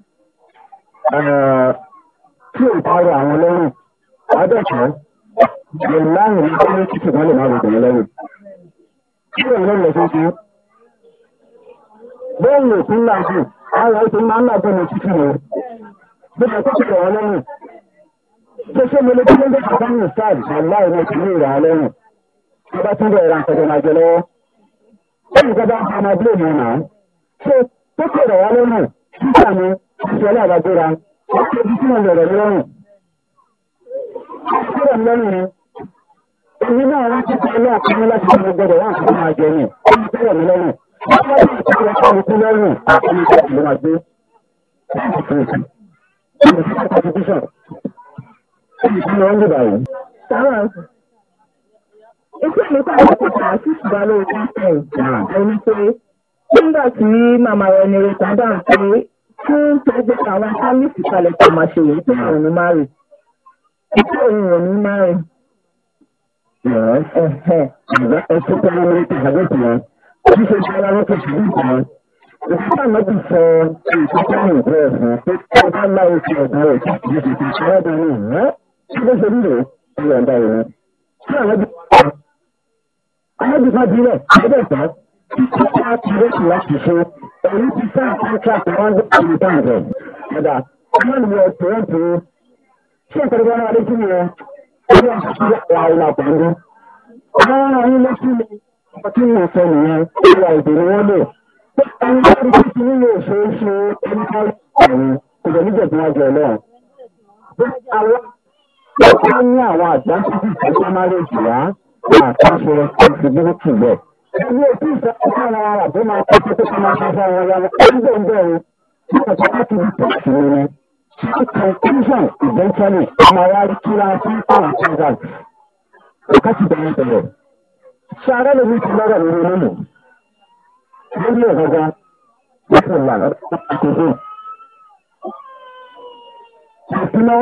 tí ò bá rẹ àwọn lẹ́yìn adẹ́kọ̀ọ́ lè láyìn ní kí ní títì wọ́n lè má lè bẹ̀rẹ̀ lẹ́yìn. kí ló ń lọ lọ sí bẹ́ẹ̀ni òkun náà jù ara ètò máa ń náà bẹ̀rẹ̀ títì rẹ̀ bí wọ́n tó ti rẹ̀ wọ́n lẹ́yìn. tó ṣe mo lè kí ló ń bẹ̀rẹ̀ kọ́mí sáàdì aláì rẹ̀ kì í rà á lẹ́yìn. tún bẹ̀rẹ̀ àǹkọ̀jọ máa jẹ lọ́wọ́. bẹ́ẹ̀ni gbọ́dọ̀ ọmọ Ọjọ́ ibi tí mo bẹ̀rẹ̀ lọ́rùn. Ọjọ́ lọ́rùn ni. Èmi náà rántí pé ọlọ́ọ̀kan ní láti fi gbọdọ̀ wá nǹkan máa jẹ ní. Ó ń bẹ̀rẹ̀ mi lọ́rùn. Ọjọ́ ibi tí mo bẹ̀rẹ̀ sí lọ́rùn. Àwọn ọmọ ìjọba ló máa gbé. Báyìí fún ìsìn. Ìlú sí contribution. Ìlú sí ọ̀hún dìbà yìí. Sàrán. Iṣẹ́ mi pàdé kọ̀tà sí ìgbà lórí káńtẹ̀. Ẹni pé nígbà tí màmá rẹ̀ nìrètà dáhùn pé fún gbogbo àwọn sámìtì kalẹ̀ tó máa ṣe yìí tó òun ní máa rè tó òun ní máa rè. Ẹ̀sìn tó ń lé tàbí tó wọn, ṣíṣe tí ara wọn kò sí ní ìgbà wọn. Òṣìṣẹ́ àná ti sọ èyí tó ń rìn pé ọba ńlá oṣù ọ̀dọ́ rẹ̀ kí kìí ṣe ti ṣọwọ́ bá rìn rẹ̀. Ṣé ló ṣe nílò ìyọ̀ǹda ìrìn? Ṣé àwọn ibi kan àwọn ibi kan bí rẹ̀ ṣe bẹ̀ tán? Kí ti rẹ̀ sí láti fún èyí ti sáà contract one hundred thousand ọ̀dà ọmọ ìwé toronto ṣé nǹkan wọn adé sí ni ọdún àti wà ó là ọmọ wọn ayé lọ́sí mi ọmọ tí wọn sọ nìyẹn ìwà òdò ni wọn lò pé àwọn ọmọ tó ti òṣooṣù ẹni ká ọ̀hún kò jẹ́ níjẹ̀ tí wọ́n jẹ náà bí àwọn àwọn àjá ẹni òtún ìfẹ́ ọ̀gá ara rà tó máa kọ́ tó tó máa ṣe fún ọ̀rọ̀ rẹ̀ ẹni bẹ́ẹ̀ bẹ́ẹ̀ o yóò tó láti rí tọ́ọ̀sì mi ni sí conclusion eventually ọmọ wa rí kí wọ́n fi àwọn program ọ̀ká ti bẹ̀rẹ̀ bẹ̀rẹ̀ ṣé ara lè ní ti lọ́rọ̀ lórí mímu lórí ọ̀gá láti là àkókò ìpínlẹ̀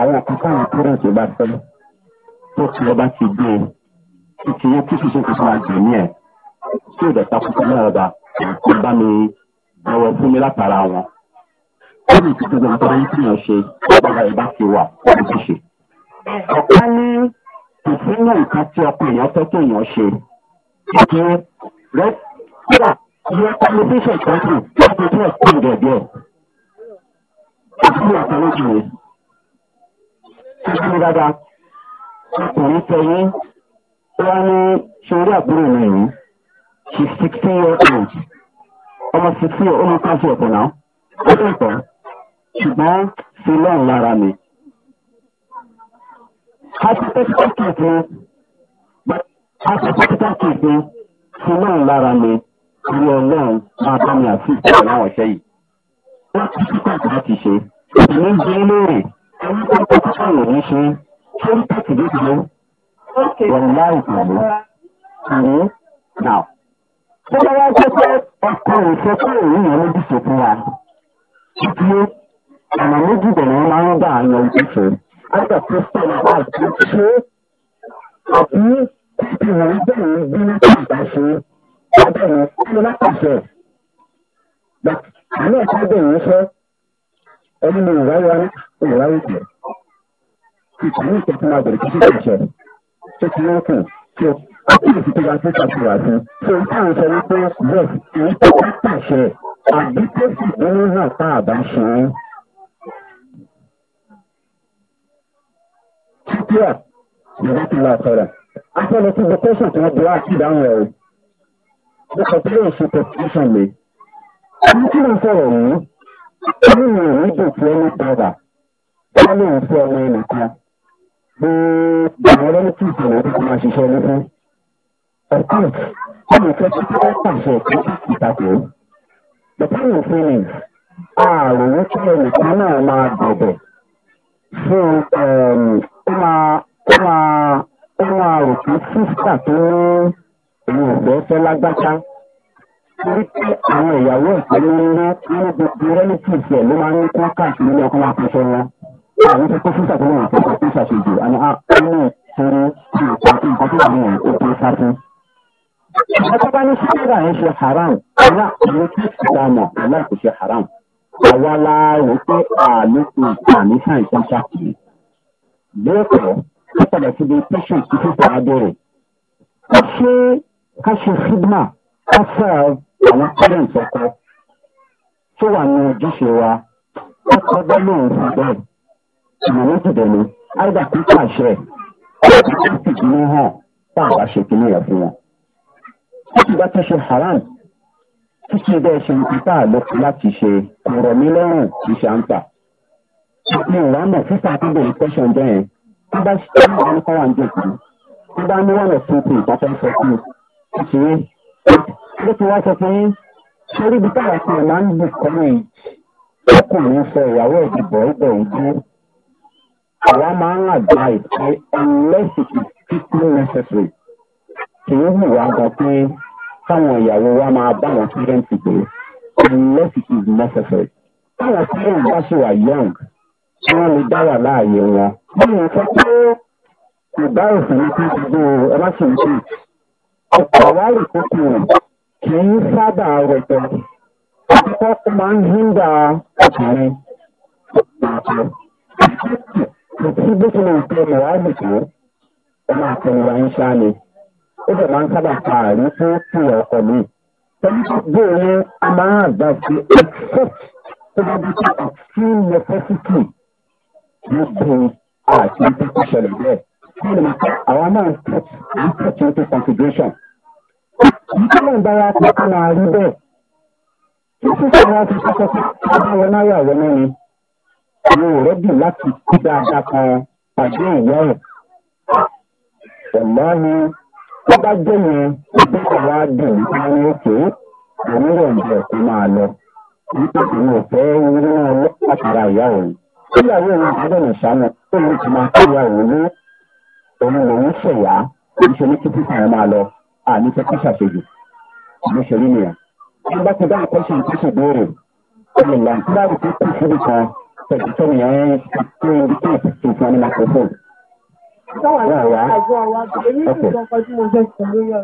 àwọn òkú táwọn parents bá fẹ́ tó ti ọba ti gbé e tó ti yẹ kí ṣiṣẹ́ kò sí máa jẹ ní ẹ̀ tí ò dẹ̀ta fún fún ọba kò bá mi lọ́wọ́ fún mi látara wọn. ó lè ti gbogbo nǹkan ayé tí yàn ṣe ọba ìbá ti wà ó ti ṣe. ọ̀pá ní ìfúnnà nǹkan tí ọkọ èèyàn fẹ́ kí èèyàn ṣe kí rẹ́ kí wà ìyẹn kọ́míníkéṣọ̀n kan kù kí wọ́n ti tún ẹ̀ kúrò díẹ̀ díẹ̀ àbúrò àtàlejò rẹ̀. Ìjọba dada, ọkùnrin tẹ̀yìn, ó wá ní ṣorí àbúrò náà yìí. She is sixteen years old. Ọmọ sixteen year old kan ṣe ẹ̀kọ́ náà. Ó lè tọ́, ṣùgbọ́n fi lọ́run lára mi. Hospital kit ni, hospital kit ni, fi lọ́run lára mi. Ìrìn ọlọ́run máa bá mi àti ìṣẹ̀lẹ̀ láwọn ṣẹ́yìn wọ́n ti tún kàkà láti ṣe ìní jẹ́ lóore àwọn tó ń bọ̀ tó sọ̀rọ̀ ní ṣe ṣé ń tẹ̀sí bí ṣe wọ́n láì pàdé pàdé nà. Bọ́lá wá jẹ́ pé ọkọ rẹ̀ sọ pé òun yẹn ló dìṣe fún wa. Ìdílé ọ̀nà méjì bẹ̀rẹ̀ máa ń gbà lọ ìdíṣe. Àgbà tó sọ̀rọ̀ àti ṣe àbí kókò rẹ̀ bẹ̀rẹ̀ bí wọ́n ti gbà ṣe. Bẹ́ẹ̀ ni, kí ló bá ìlú náà tó bẹ̀rẹ̀ fẹ́ ẹni mi ìwà wa ìwà ìjẹ ìtùnú ìtọ́jú máa bẹ̀rẹ̀ títí tó jẹ tó ti ní kù tó àkíyèsí tó ga tó tàbí wà sí. tó ń tàn sọ wípé bẹ́ẹ̀ kìí tó bá pàṣẹ àbí tó sì dúró hàn tá a bá ṣe é. títí à ìjọba ti la sọ̀rọ̀ afẹ́lẹ́ tí the question tí wọ́n bí wá sí o. mo sọ pé yóò ṣe proposition lè ẹni tí mo sọ̀rọ̀ yìí ẹni mi ò ní dùnkù ẹni padà wọ́n lè fẹ́ ọmọ ẹnìkan pé àwọn ẹni tí ìṣẹ̀lẹ̀ ọdún kan máa ṣiṣẹ́ ní fún. ọ̀kan ọ̀nà fẹ́ kí wọ́n pàṣẹ kí wọ́n sì pàṣẹ. the time of feeling ààrùn wípé ẹnìkan náà máa bẹ̀bẹ̀ fún um, ó máa ó máa ó máa rò pé sísà tó ní ìlú ọ̀gbẹ́ fẹ́ lágbájá torí pé àwọn ìyàwó ìpínlẹ̀ ńlá nínú gbogbo rẹ́lẹ́tìfì ẹ̀ ló máa ń ní kó káàkiri ní ọkọ máa pèsè wọn. àwọn tó kó fúnṣà tó wọn àti ọkọ fúnṣà ṣe jù àmì àkọọ́lẹ̀ ìṣòro nǹkan nǹkan tó wà ní òkú sáfù. ọjọ́ bá ní ṣẹ́gbà yẹn ṣe haram ọ̀la ìwé tí ìdáná ọ̀la kò ṣe haram. àwa la rò pé àlékún àmì sàn ìtàn ṣàkiri. lẹ́ẹ̀kọ́ ó padà síbi patient tuntun tó a bẹ̀rẹ̀. ó ṣe ká ṣe sigma ká serve àwọn parents ọkọ tó wà ní ojúṣe wa ó kọjá lóun fún bẹẹ ìrònú dìde ni áìdá kó pàṣẹ ọkọ tó fi kíní hàn tá àwa ṣe kíní rẹ fún wọn. ó ti bá tẹ́ṣe haram títí bẹ́ẹ̀ ṣe ń pípa àlòkù láti ṣe kò rọ̀ mí lọ́rùn kì í ṣe à ń tà. mi ò wá mọ̀ fífa àtúndòrí tẹ́ṣe ọjọ́ yẹn tó bá ṣe é àwọn ọmọ ń jòkó tó bá ní wọ́n lọ fún un pé ìtọ́fẹ́ fẹ́ kú ló ti wá sọ fún yín sórí ibi táwọn ti ẹ̀ máa ń lù kọ́mọ̀ yìí ọkùnrin sọ ìyàwó ìdìbò ọgbọ̀ ojú àwa máa ń àgbà ìpè unless it is strictly necessary kì í wù wá gan pé káwọn ìyàwó wa máa bá àwọn pírẹ́ǹtì gbé unless it is necessary táwọn pírẹ́ǹtì bá ṣe wà young tí wọ́n lè dá wà láàyè wọn wọ́n yẹn sọ pé kò bá òfin ní kí n ti gbó ẹ má ṣe ń ṣe ọkọ̀ àwárí kókó rẹ̀ kì í sábà rọ̀jọ̀ àkọ́kọ́ kó máa ń híńdà ọkùnrin kò sí bó ṣe máa ń pẹ́ mọ̀wá nìkan ó máa pẹ́ mọ̀wá ń ṣá ni ó dẹ̀ máa ń sábà pa àrí fún ìyá ọkọ mi pẹ̀lú bí òun a máa ń àgbà sí except tó bá bí kò sí necessity ló kó àti ìdíkù ṣẹlẹ̀ bẹ́ẹ̀ kí ni àwọn náà ń tẹ̀sí ń tẹ̀sí ní consideration èyí tó náà bá wa pé ara rí bẹ́ẹ̀ tí sísè wa ti sọ pé abáwọ náírà rẹ mẹ́rin àwọn ọ̀rẹ́ dùn láti kú dáadáa kan pàdé ìyá ẹ̀ ẹ̀mọ́ ni tó bá jẹ́ yẹn ìgbésẹ̀ wa dùn ní òkè àwọn ọ̀rẹ́ ẹ̀kọ́ máa lọ nítorí mi ò fẹ́ rí náà látara ìyá òun ìyàwó òun àbádọ́ ní sànù òun ti máa kó ìyá òun lòún ṣẹ̀yà kì í ṣe ní títí sàn máa lọ àní fẹ́ kó ṣàṣejù àmọ́ ṣe rí nìyẹn. wọ́n bá ti dáhùn kọ́ṣà ń kọ́ṣà béèrè ọmọ ìlà nígbà tó kú síbi kan pẹ̀lú sọ́run yẹn tó ń bí tó ti fún ẹni máa kọ́ṣọ́. Báwa ni àwọn àgọ́ wa bẹ̀rẹ̀ ní ìgbà ni pé tóbi ń bá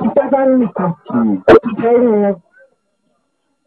ti tẹ́ bá nìkan hmm.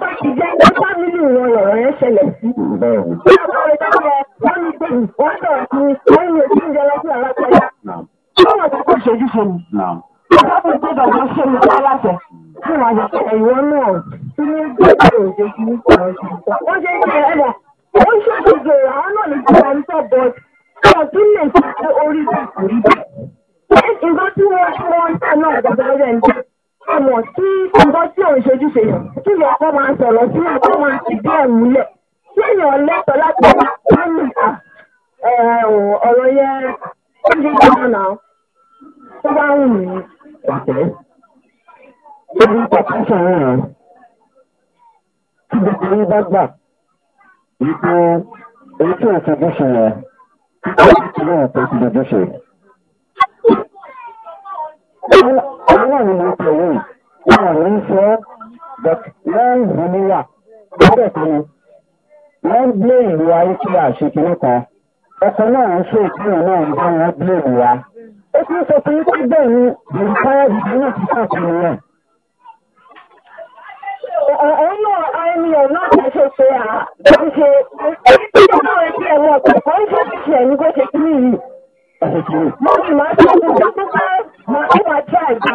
bá ti jẹ́ wọ́n fámìlì wọn lọ̀rọ̀ yẹn ṣẹlẹ̀ sí. bí àbáwọ̀ ìdájọ́ wọ́n ní pé wọ́n bẹ̀rẹ̀ sí wọ́n ní èsì ìjọba fún alágbára. kí wọ́n ti kó ìṣojú fún mi. ìjọba tó dọ̀gbọ́ ṣe mi wá láṣẹ. kí wọ́n yà pé ẹ̀yọ́ náà tí ní gbèsè òjòjú ní ọ̀rọ̀ ìṣòro. wọ́n ṣe ń ṣe ẹ̀dà ó ń ṣèjọba àwọn náà ní kọ́ńtà bọ́ọ̀dù. ọ̀tún lè ṣe orí ìgbà tí wọ́n ṣe wọ́n ń tà náà àmọ̀ tí nǹkan tí òun ṣojú ṣe kí ni ọkọ máa sọ̀rọ̀ sí ọkọ máa ti bí ẹ̀rù lẹ̀ kí èèyàn lẹ́tọ̀ọ́ láti máa ah, pánì ọ̀rọ̀ yẹn ó ní ìjọba náà tó bá wù mí. ó ní pàtó sọ̀rọ̀ rẹ̀ kí gbogbo yín bá gbà wípé èyí tí òun fojú ṣe yẹn kí wọ́n ti tún náà tó ti dojú ṣe àwọn náà ni mo pè yìí wọn ò ní sọ but wọn ń hùn níyà lọ́dọ̀ kan ni wọ́n ń gbé ìlú ayé kí àṣekínú kan ọkọ náà ń ṣe ìpínlẹ̀ náà ń bá wọn gbé ìlú wa ó ti ń sọ pé kí bẹ́ẹ̀ ni ìrìkáyà ìdílé náà ti káàkiri náà òun náà àìní ọ̀nà àṣẹ pé à ń ṣe ìjọba ẹgbẹ́ ẹ̀wọ̀n ọ̀pọ̀ ń ṣe ti ṣe ẹ̀mí kó ṣe kí nìyí. mo sì máa ń tọ́jú tó pé màá tó máa jẹ́ àìgbà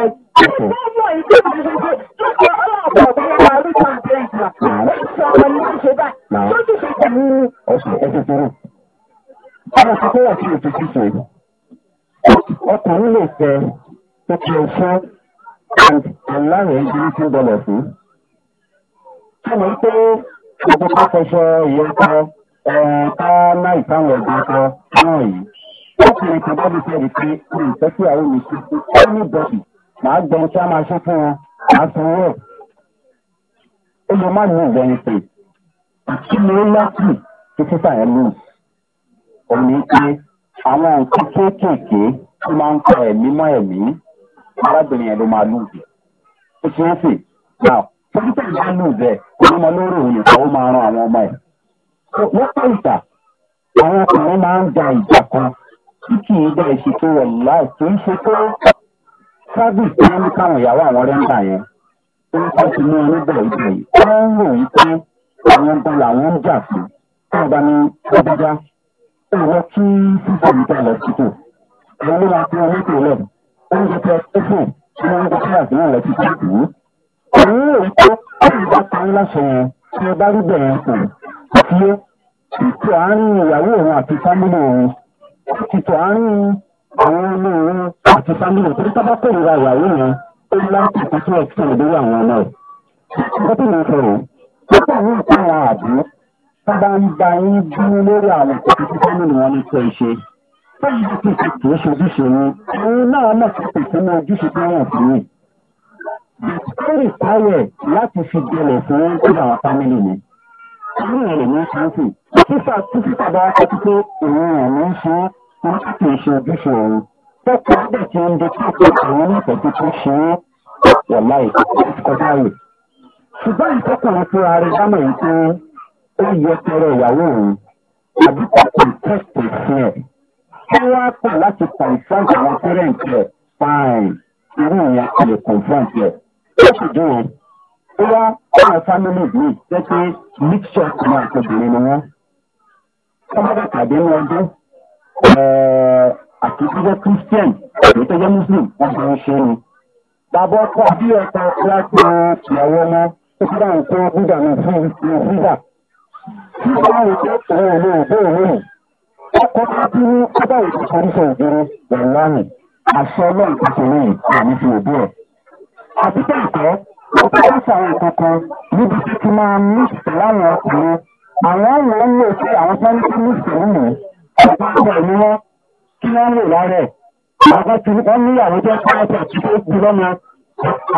ọkùnrin kan bá lè fẹ rí pé olùfẹ́ àwọn olùsí fún ẹni bọ́ọ̀lù màá gbọ́n tí a máa ṣe fún wọn màá san owó ẹ̀. ó lè má ní ìgbẹ́yìn pé kí ni ó lápì tí títà ẹ̀ lù ò ní pé àwọn nǹkan kéékèèké tó máa ń kọ ẹ̀mí mọ́ ẹ̀mí arábìnrin yẹn ló máa lù jù. ó ti ń sè náà dókítà ìyá lù bẹ́ẹ̀ ọmọ lórí òyìn kan ó máa ran àwọn ọmọ ẹ̀. lọ́pọ̀ ìgbà àwọn ọkùnrin máa ń ja ìjà kan tí kì í dá ìṣètò rẹ̀ láì tó ń ṣe tó sábìsì wọn ní káwọn ìyàwó àwọn rẹ́ńdà yẹn tó ń kọ́ sí ní oníbẹ̀ ìbẹ̀ yìí wọ́n ń rò yí pé àwọn ọba làwọn ń jà fún tí wọ́n bá ní ọdọ́já ó lọ kí fífọ̀ yìí tẹ̀lé títò ìyá ló máa fi wọn létò lẹ̀ oúnjẹ tẹ ẹ̀fọ́ tí wọ́n ń gbọ́ kíláàsì náà rẹ̀ ti tó tù ú. òun rò yí pé ọ̀hún bá ta ńlá sọ yẹn tí ẹ bá rí bẹ̀rẹ̀ kù àti ètò àárín ìyàwó òun àti fámìlì òun ètò àárín àwọn ọmọ wọn àti fámìlì tó tó bá kórìíra ìyàwó yẹn ó láǹkì tó tó ẹ̀kí tàn lórí àwọn ọmọ ẹ̀. bọ́tí mi sọ rò pípa àwọn àbí tó bá ń ba yín dúró lórí àwọn ìpàdé tí fámìlì wọn ní tó ẹ ṣe. báyìí ti ti kì í ṣe ojúṣe wọn náà mọ̀ sí pèsè ní ojúṣe tó wọ̀n fún mi. bẹ̀tẹ́rì táyẹ̀ láti fi gbẹlẹ̀ fún wọn kí àwọn fámìlì mi wọn sì kì í ṣe ojúṣe òun tó kọ ọdẹ tí ń detí pé àwọn onífẹ̀ẹ́ tó ṣe é pọ̀ láì kọjá rẹ̀. ṣùgbọ́n ìtọ́kùnrin fún ara rẹ̀ dámọ̀ yìí pé ó yẹ tẹrẹ ìyàwó òun àbí kò tẹ̀sítì sí ẹ̀. kí wọ́n á pọ̀ láti confront àwọn pẹ́rẹ́ǹtì ẹ̀ fine irú ìyẹn kò lè confront ẹ̀. ó sì dùn wọn ó wá ọ̀nà family mi jẹ́ pé mixture kan àti obìnrin ni wọ́n. kọ́mọ́dé tàbí ní ọdún. Eh, àti ìjọ christian èyí tó jẹ́ muslim wọ́n fi ń ṣe ni. bàbá ọkọ bí ọkọ láti ìyàwó ọmọ tó fi dáhùn pé búdà ní fúdà. bí báwo tó tẹ̀lé ìlú òbí òwe ọkọ tó bí ní ọba ìlú sọríṣọ òbírí ìlànà àṣọ ọlọ́run tó tẹ̀lé ìlànà e, ti òbí ẹ̀. àti bẹ́ẹ̀ kọ́ ọkọ tó sàrò kankan níbi tí ti máa mí láwọn ọkùnrin àwọn àwọn ń lò sí àwọn sẹ́ńtítì mí ọ̀pọ̀lọpọ̀ ni wọ́n kí wọ́n lò lárẹ̀ àwọn tí wọ́n níyàwó jẹ́ pàtàkì àti tó kú lọ́mọ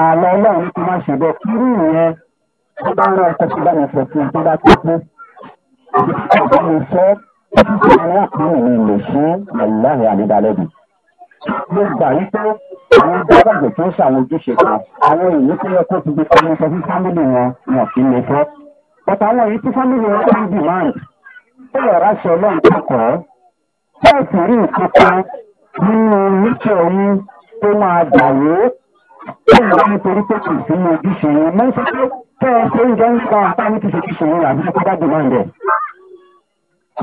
àlọ́ ọlọ́run ti máa ṣẹ̀bọ̀ kúrú ìyẹn tó bá ń rán ọkọ̀ tó bá mi fún un bá tó kú. ọ̀pọ̀ mi fẹ́ arákùnrin mi lè fún ọ̀làrin àdídálẹ́bì. mo gbà yí pé àwọn dábàgbẹ̀ tó ń ṣàwọn kan àwọn èyí tó yẹ kó ti di ọmọ sọ fún fámìlì wọn wọn kì í lè fẹ́. bàtà àwọn èyí tí fámìlì wọn ń dì tẹ́ẹ̀sì rí ìkankan nínú níṣẹ́ òun tó máa dà wó lẹ́yìn tí nítorí pé kò sí ní ojúṣe yẹn mọ́ sọ pé tẹ́ ẹ ṣe ń jẹ́ ń gba apá ní kìí ṣe ojúṣe yẹn àbí kó bá dùnmọ́ rẹ̀.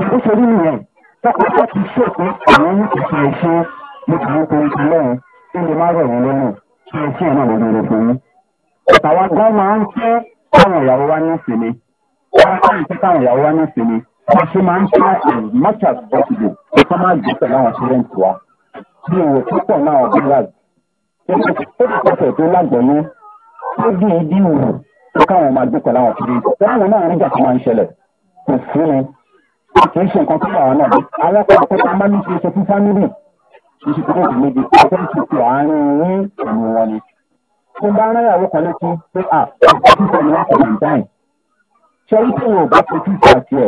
kò ṣe rí nìyẹn tọkọ tó ti ṣèpé àwọn ní kò ṣe iṣẹ́ ní kàwọn tó ń ti lọ́run tó lè má rọ̀ wọ́n lọ́rùn kí ẹ ṣe ọ̀nà lọ́dún rẹ̀ fún yín. àwa gan máa ń fẹ́ káwọn ìyàwó wa ní ìsinmi. wọ́n á kọ́ ìfẹ́ káwọn ìyàwó wa ní ìsinmi wọ́n ti máa ń try as much as possible kó máa jẹ́ pẹ̀lú àwọn students wa bí òwò púpọ̀ náà ọ̀gbìn láàbù ó ti pọ̀pọ̀ tó lágbọ̀nú ó bí ìdí ìwò tó káwọn máa gbé pẹ̀lú àwọn students láwọn náà nígbà tó máa ń ṣẹlẹ̀ kò fún ni kì í ṣe nǹkan tó wà náà alákọ̀ọ́kọ́ ta máa ń ṣe iṣẹ́ fún fámìlì iṣẹ́ tó kọ̀ méjì ọjọ́ ìṣètò àárín ní ìlú wọn ni tó bá rán ìyàwó kan létí pé à ah, ọ̀pọ̀ tó sọ ni wọ́n kọ̀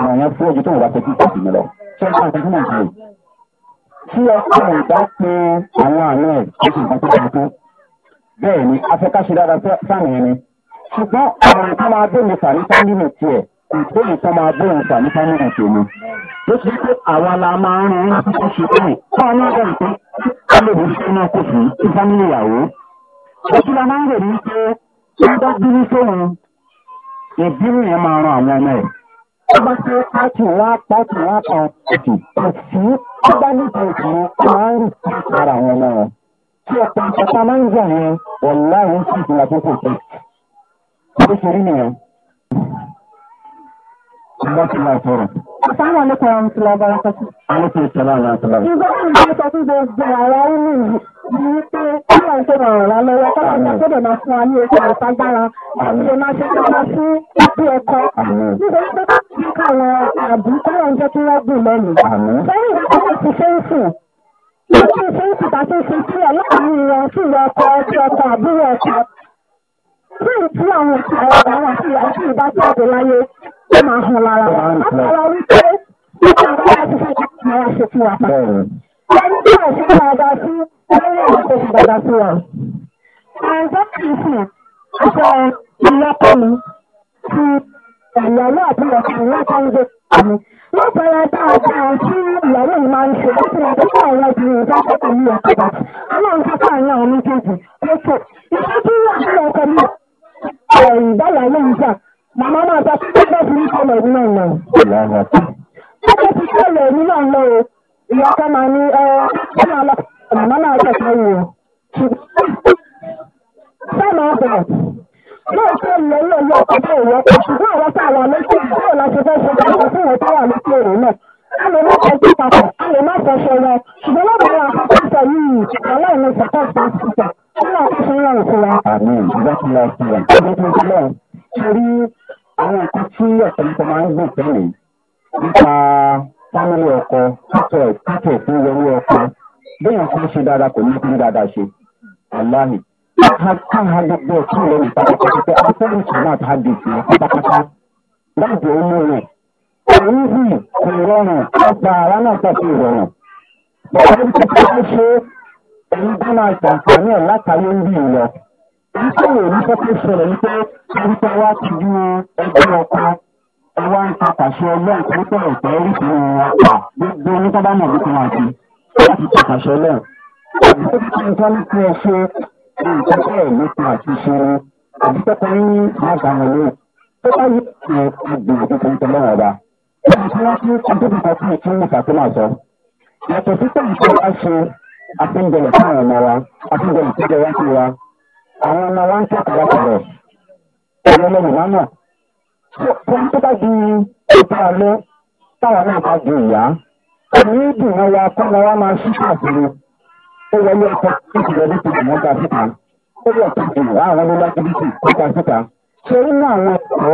àwọn èèyàn fún ojú tó wà pẹ̀lú ìpàdé mi lọ. ṣé ọkọ ìpàdé náà ti rè tí ọkọ ìgbà pé àwọn àna ẹ̀ kó sì gbọ́n tó dáa tó bẹ́ẹ̀ ni afẹ́ká ṣe dáadáa sáàmì ẹni ṣùgbọ́n àwọn nǹkan máa bẹ̀rẹ̀ fà ní sámìlì tiẹ̀ kò tó nǹkan máa bẹ̀rẹ̀ fà ní sámìlì tèmi ó ti pé àwa la máa ń rìn ní kó ṣe bẹ́ẹ̀ fún àwọn ọ̀gá ìpín ká lè rí iṣẹ́ náà kò sí ní sámìlì ìyàwó ó tún la máa ń rè ní pé ó bá bínú sóhun ìbínú yẹn máa ran àwọn ọmọ ẹ̀ ọba tí pàtì wá pàtì wá pa ọ̀tì kò sí ọba nípa ìtumọ̀ tó máa ń rìn sí ara wọn náà tí ọ̀pọ̀ ìpàtà máa ń gbà yẹn wọ̀n láwọn sì ti là tó kò tẹ̀. ó ṣe rí nìyẹn. Alhamdulillah tọrọ. Asalaamualeykum wa rahmatulah barakatu. Aleykum salaam wa rahmatulah. Ìgbà tí mo bá sọ fún gbogbo àwa ìlú ni pé kọ́lá ń tẹ̀lé ọ̀rọ̀ lọ́wọ́ kọ́lá ń tẹ̀lé máa fún wa ní oṣù àtàgbára àti ọ̀nà àṣetọ́lá fún ẹbí ẹ̀kọ́. Nítorí pé ó máa hàn lára látara wípé nípa tí a ti fẹ́ kí wọ́n ṣe fún wa pàtó. ẹni tí ò sí dáadáa sí lórí ìwà tó ṣe dáadáa sí wa. àìsàn kìí sùn aṣọ ti ìyàwó àti ọ̀sán láti ń wọ́n bẹ̀rẹ̀ dáadáa sí ìyàwó yìí máa ń ṣe láti rẹ̀ tó àwọn obìnrin bá fẹ́ pẹ̀lú ọ̀kadà. ọlọ́run fẹ́ fún àwọn méjèèjì tó tó. ìṣẹ́jú àti ọkọ̀ mi ìbáyàwó màmá máa ta ẹgbẹ́ ti ń kọlọ̀ ẹ̀mí náà lọ. ẹgbẹ́ ti kọlọ̀ ẹ̀mí náà lọ o ìyá ọkọ máa ní ẹ ẹ máa lọ màmá máa tẹ̀sán yìí o. sáàmù ọ̀bẹ̀ lóòótọ́ ìyá ilé ìyá ọkọ bá ìwọ ọkọ ṣùgbọ́n àwọn tá a wà létí báwo la ṣe fẹ́ ṣe báwo fún ìwọ táwà létí èrò náà. a lè má fẹ́ sí papọ̀ a lè má fẹ́ ṣe wọn ṣùgbọ́n lọ́dọ̀ àwọn akọ́kọ́ yìí aláìní sọ́kọ́ torí àwọn nǹkan tí ọ̀pọ̀lọpọ̀ máa ń gbìn tẹ́lẹ̀ nípa fámìlì ọkọ kátó kátó fún wọlé ọkọ bẹ́ẹ̀ kan ṣe dáadáa kò ní kí dáadáa ṣe aláàmì. káha gbogbo ọ̀tún lẹ́nu pátápátá pé akẹ́kọ̀ọ́ ìṣúná àti àgbègbè pátápátá láti ọmọ rẹ̀. èyí hì kò rọrùn ọgbà ara náà pàṣẹ ìrọ̀rùn. bọ́lá ní ṣe èyí bá máa ṣàǹfààní ẹ̀ látàrí ń bí èyí tó wò ní kókó sọ̀rọ̀ ní pé kárípá wá ti ju ẹgbẹ́ ọkọ ẹwà ń ta pàṣẹ ọlọ́run tó bẹ̀rẹ̀ pẹ́ rí fún wọn pa gbogbo oníkọ́ bá mọ̀ nípa wọn àti láti ta pàṣẹ ọlọ́run. àti tó ti ń tọ́ ní kí ẹ ṣe nǹkan nípa àti ìṣòro àti tó ní àgbàwọ̀n tó bá yí ẹ̀ àgbè àkókò ń tẹ̀lé ọ̀dà. ẹ̀sìn tí wọ́n tún kan tó ti kọ́ fún ìtún ìfàkúmọ̀ sọ. yàtọ̀ sí pé ìṣòro àwọn ọmọ wa ń ṣàkàrà kọ̀rọ̀ ọ̀rọ̀ lọ́wọ́ náà fún tó bá di ìta alẹ́ táwọn náà bá di ìyá ẹ̀mí ìdùnnú wa kọ́nà wa máa ṣí káàkiri ó wọlé ọkọ̀ tó ti lọ nípa ìmọ̀ ga síta ó wọ̀ tó ti lọ àwọn ọmọ lágbègbè tó ga síta ṣé nínú àwọn ẹ̀kọ́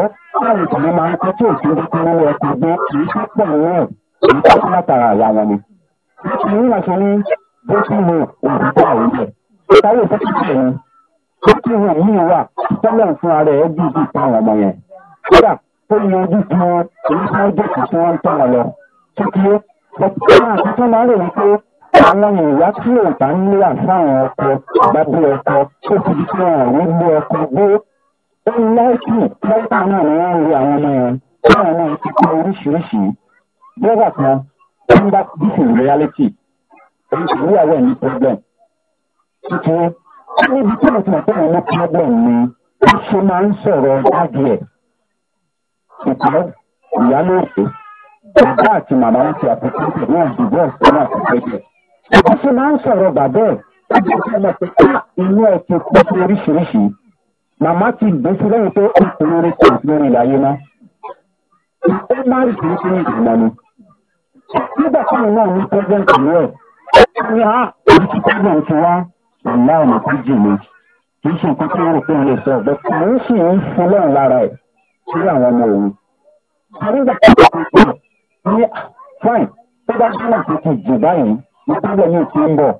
láwọn ìtàn máa ń kọ́ tí òfin tó wọ ẹ̀kọ́ gbé kì í ṣe pọ̀ nínú ẹ̀ èyí tó kọ́ látara àyà wọn tó kí wọn mí wà tọ́lọ̀ fún ara ẹ̀ bí ibi pa ọmọ yẹn kódà tó yanjú fún wọn èyí tí wọ́n dẹ̀kù tí wọ́n ń tọ̀ wọn lọ tó ó bọ́tí náà tuntun máa ń rò wípé àwọn ìyá tí òǹtà ń lé àfáwọn ọkọ bàbá ọkọ tó fi di pé wọn ò gbé ọkọ gbé ó láìpì lọ́tà náà ni wọ́n ń lo àwọn ọmọ yẹn táwọn náà ti kó oríṣiríṣi lọ́gbà kan tó ń bá this reality níbi tí mo tàn fún àwọn problem ni ó ṣe máa ń sọ̀rọ̀ dádìẹ̀ ìpínlẹ̀ ìyálòpé bàbá àti màmá ń fi àtúntò náà dìbò ọ̀sán àti gbẹ̀gbẹ̀. ó ṣe máa ń sọ̀rọ̀ bàbá ẹ̀ ó pé inú ẹ̀ ti pẹ́ sí oríṣiríṣi màmá ti gbé sí lẹ́yìn pé kò ìlàyé ó máa ń sí náà ní pẹ́sẹ̀ntì ó ọ̀la ọ̀nà tó jì mí kì í ṣe nǹkan tí wọ́n rò pé wọ́n lè sọ ọ̀bẹ tí àwọn sì ń fún lọ́rùn lára ẹ̀ sí àwọn ọmọ òun. àrígbà tó kọ́ pé ní fine tó bá jẹ́ náà tó ti jù báyìí ní tábìlì yìí ti ń bọ̀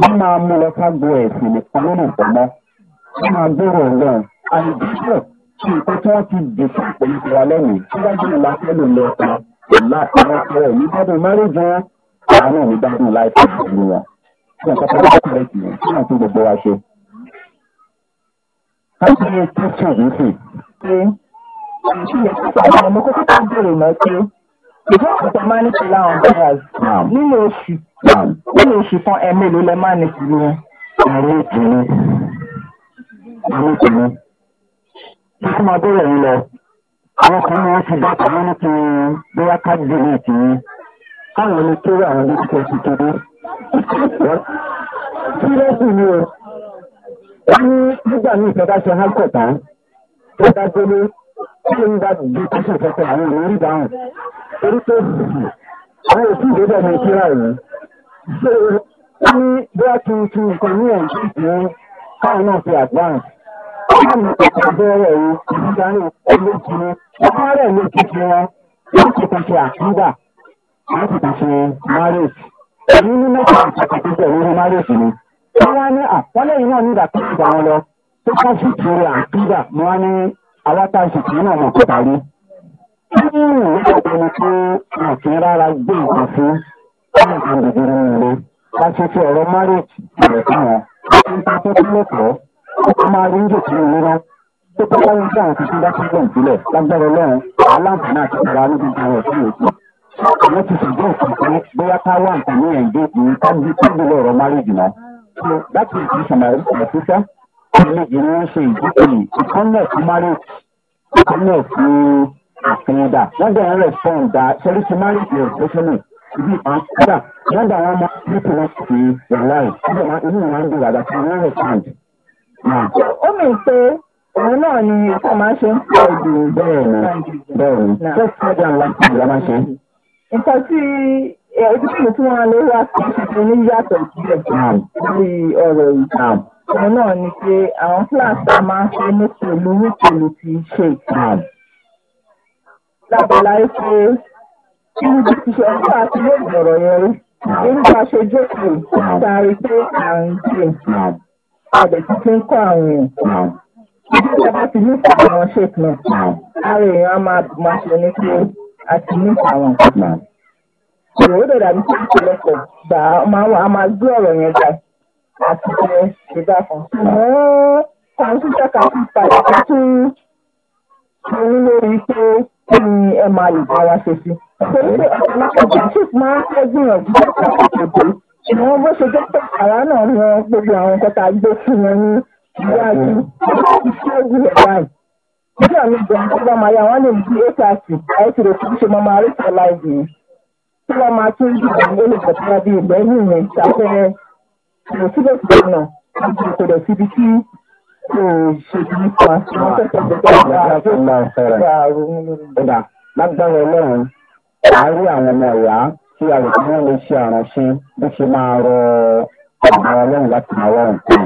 wọ́n máa mú lọ ságbo ẹ̀sìn nìkan lónìí ìfọ̀mọ́ wọ́n máa gbòòrò ọlọ́run àìdíṣẹ́ tí nǹkan tí wọ́n ti dì fún ìpolítì wa lẹ́yìn tó bá jẹ́ ìlà tẹ́lẹ̀ tí nǹkan tó bá tilẹ̀ jù ú tí nàá tó gbogbo wa ṣe. láti ní kristian yìí sì. ṣé ìṣúyẹ títà àwọn ọmọ kókó tó ń bèrè náà pé ìjọba àgbà máa ní pẹ̀lú àwọn bẹ́ẹ̀rẹ̀ nínú oṣù nínú oṣù kan ẹ̀mí ló lẹ́ máa ní pẹ̀lú wọn. ààrẹ ìtùnú ààrẹ ìtùnú wọ́n máa bẹ̀rẹ̀ yín lọ àwọn kan ní wọ́n ti bá tàwọn ní bóyá ká gbé ní káwọn ní kéré àwọn bí kíkẹ́ ti kéde. Sírẹ́sì ni o. Wọ́n ní nígbà ní ìfẹ́ ká ṣe hákọ̀tà tó bá gbélé tí ń bá di kásùn kẹta àwọn ìrírí dáhùn. Torí pé àwọn òsì ìdébẹ̀ ní kíra yìí. Ṣé wọ́n ní bóyá kí n fi nǹkan ní ẹ̀ǹtí ìdíwọ́ káwọn náà fi advance? Wọ́n ní ìpàdé bẹ́ẹ̀rẹ̀ yìí ìdíjáde olóògì ni. Ọkọ rẹ̀ ló ti fi wọn. Wọ́n ti kàn ṣe àkúndà. Wọ́n ti kàn ṣe marriage èmi ní mẹ́ta àti pẹ̀lú márùsì ni. wọ́n wá ní àpọ́lẹ́yìn náà nígbà tó ti gbà wọn lọ tó kọ́ sí ìṣòro àǹtígbà mo wá ní alátàṣì tí náà mo kò parí. nínú ìwé ọ̀pọ̀ ni pé mo kì í rárá gbé nǹkan fún ọ̀nà àgbègbè rẹ̀ láti fi ọ̀rọ̀ márùsì rẹ̀ fún wọn. nípa tó lẹ́kọ̀ọ́ ó máa rí oúnjẹ tí ní rán tó kọ́ ń gbà àti tí bá tún lágbára ọlọ́run aláǹfààní àti ìgbà níbi ìgbà rẹ̀ fún èkó wọ́n ti ṣùgbọ́n nǹkan pé bóyá ká wá nǹkan ní ẹ̀ǹdé ìyẹn ká bí tíbi lọ́rọ̀ márìjì náà. so that is the reason my reason for sisa ọ̀nà ìní ṣe ìdíkòlì ìkọ́nẹ̀ fún márìjì ìkọ́nẹ̀ fún àfihàndà wọ́n dẹ̀ ń respond da ṣẹlí ti márìjì ẹ̀fọ́sọ́nù ibi ìpàn wọ́n dà wọ́n máa bí tí wọ́n wọn ń dùn àdá wọ́n respond. ó mì òun náà ni ìkọ́ máa ṣe ń pọ̀ jù bẹ́ẹ̀ ni bẹ́ẹ̀ ni first order and last order máa ṣe nǹkan tí ojúkùn tí wọ́n lè wá sí tuntun ní yàtọ̀ ìbílẹ̀ lórí ọ̀rọ̀ yìí. òun náà ni pé àwọn fúlàṣí a máa ń ṣe ní pẹ̀lú pẹ̀lú ti ṣe lábàlá pé kí ni bí ti ṣe ọjọ́ àti ilé ìgbọ̀rọ̀ yẹn rí nínú bá ṣe jókòó sáré pé àrùn jẹ àbẹ̀ tí fi ń kọ́ àwọn èèyàn ìdílé bá ti ní fún àwọn ara èèyàn á máa bù máa ṣe ní pé a ti ní àwọn nǹkan. Ìròyìn òdòdó àbí tí kò lọ́pọ̀ gbà á máa gbé ọ̀rọ̀ yẹn ga àti jẹ ìgbà kan. Ṣùgbọ́n kọ̀ǹpútà kan ti padà tún ṣòro lórí pé kí ni ẹ máa lè bá wa ṣe sí. Torí pé ọ̀pọ̀lọpọ̀ Jésù máa fẹ́ gbìyànjú láti ṣètò ìwọ̀n bó ṣe jẹ́ pé àwa náà yan gbogbo àwọn nǹkan tá a gbé fún wọn ní ìwádìí nígbà mi gbọ̀n tó bá máa yá wọ́n lè bí eight thirty àìsèrè tó ṣe máa máa rí for live yẹn tí wọ́n máa tún dìbò ní olùkọ́ tó bá bí ìgbẹ́yìn yẹn ṣàpẹẹrẹ kò síbẹ̀ síbẹ̀ náà kò dẹ̀ síbi tí kò ṣètò nípa wọ́n fẹ́ fẹ́ fẹ́ àwọn ọmọ ẹ̀yà tí a rò pé wọ́n lè ṣe àránṣe bí ṣe máa rọ ọ̀gbọ̀n ọlọ́run láti máa wá nǹkan.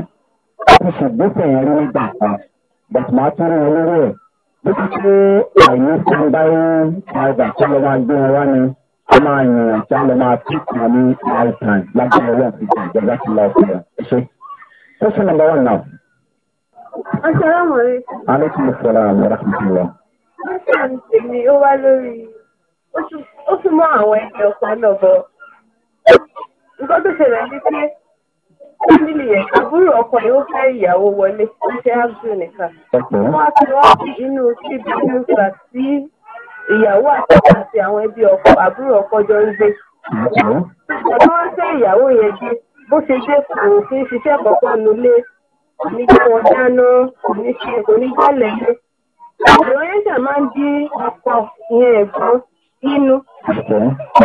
ó ti ṣègbésẹ̀ yẹn rí nígbà kan bàtùmá tún rí olórí ẹ̀ bíbí tí àìní kan bá ń padà kí ló máa gbé wá ni a máa yàn án kí a lọ máa pí kan ní àìsàn lábẹ́ ọwọ́ ìgbà ìjọba ti lọ fún ẹ ṣe. question number one now. asalaamualeykum. aleykum salaam wa rahmatulah. question tèmi ó wá lórí ó tún mọ àwọn ẹgbẹ́ ọ̀pá náà bọ̀ nǹkan tó ṣẹlẹ̀ ní pé fámìlì yẹn àbúrò ọkọ yóò fẹ́ ìyàwó wọlé ó ṣe ágbó nìkan. wọ́n á fi wọ́n fi inú cbu gbà sí ìyàwó àtọ́kọ àti àwọn ẹbí ọkọ àbúrò ọkọ jọ ń gbé. ọ̀dọ́ wọn fẹ́ ìyàwó yẹn gbé bó ṣe dé kò fi ṣiṣẹ́ kọ̀ọ̀kan nulé oníjẹ́ wọn dáná oníṣe oníjàlẹ̀ ilé. àwọn yẹn ṣà máa ń dí ọkọ ìyẹn ẹ̀gbọ́n nínú.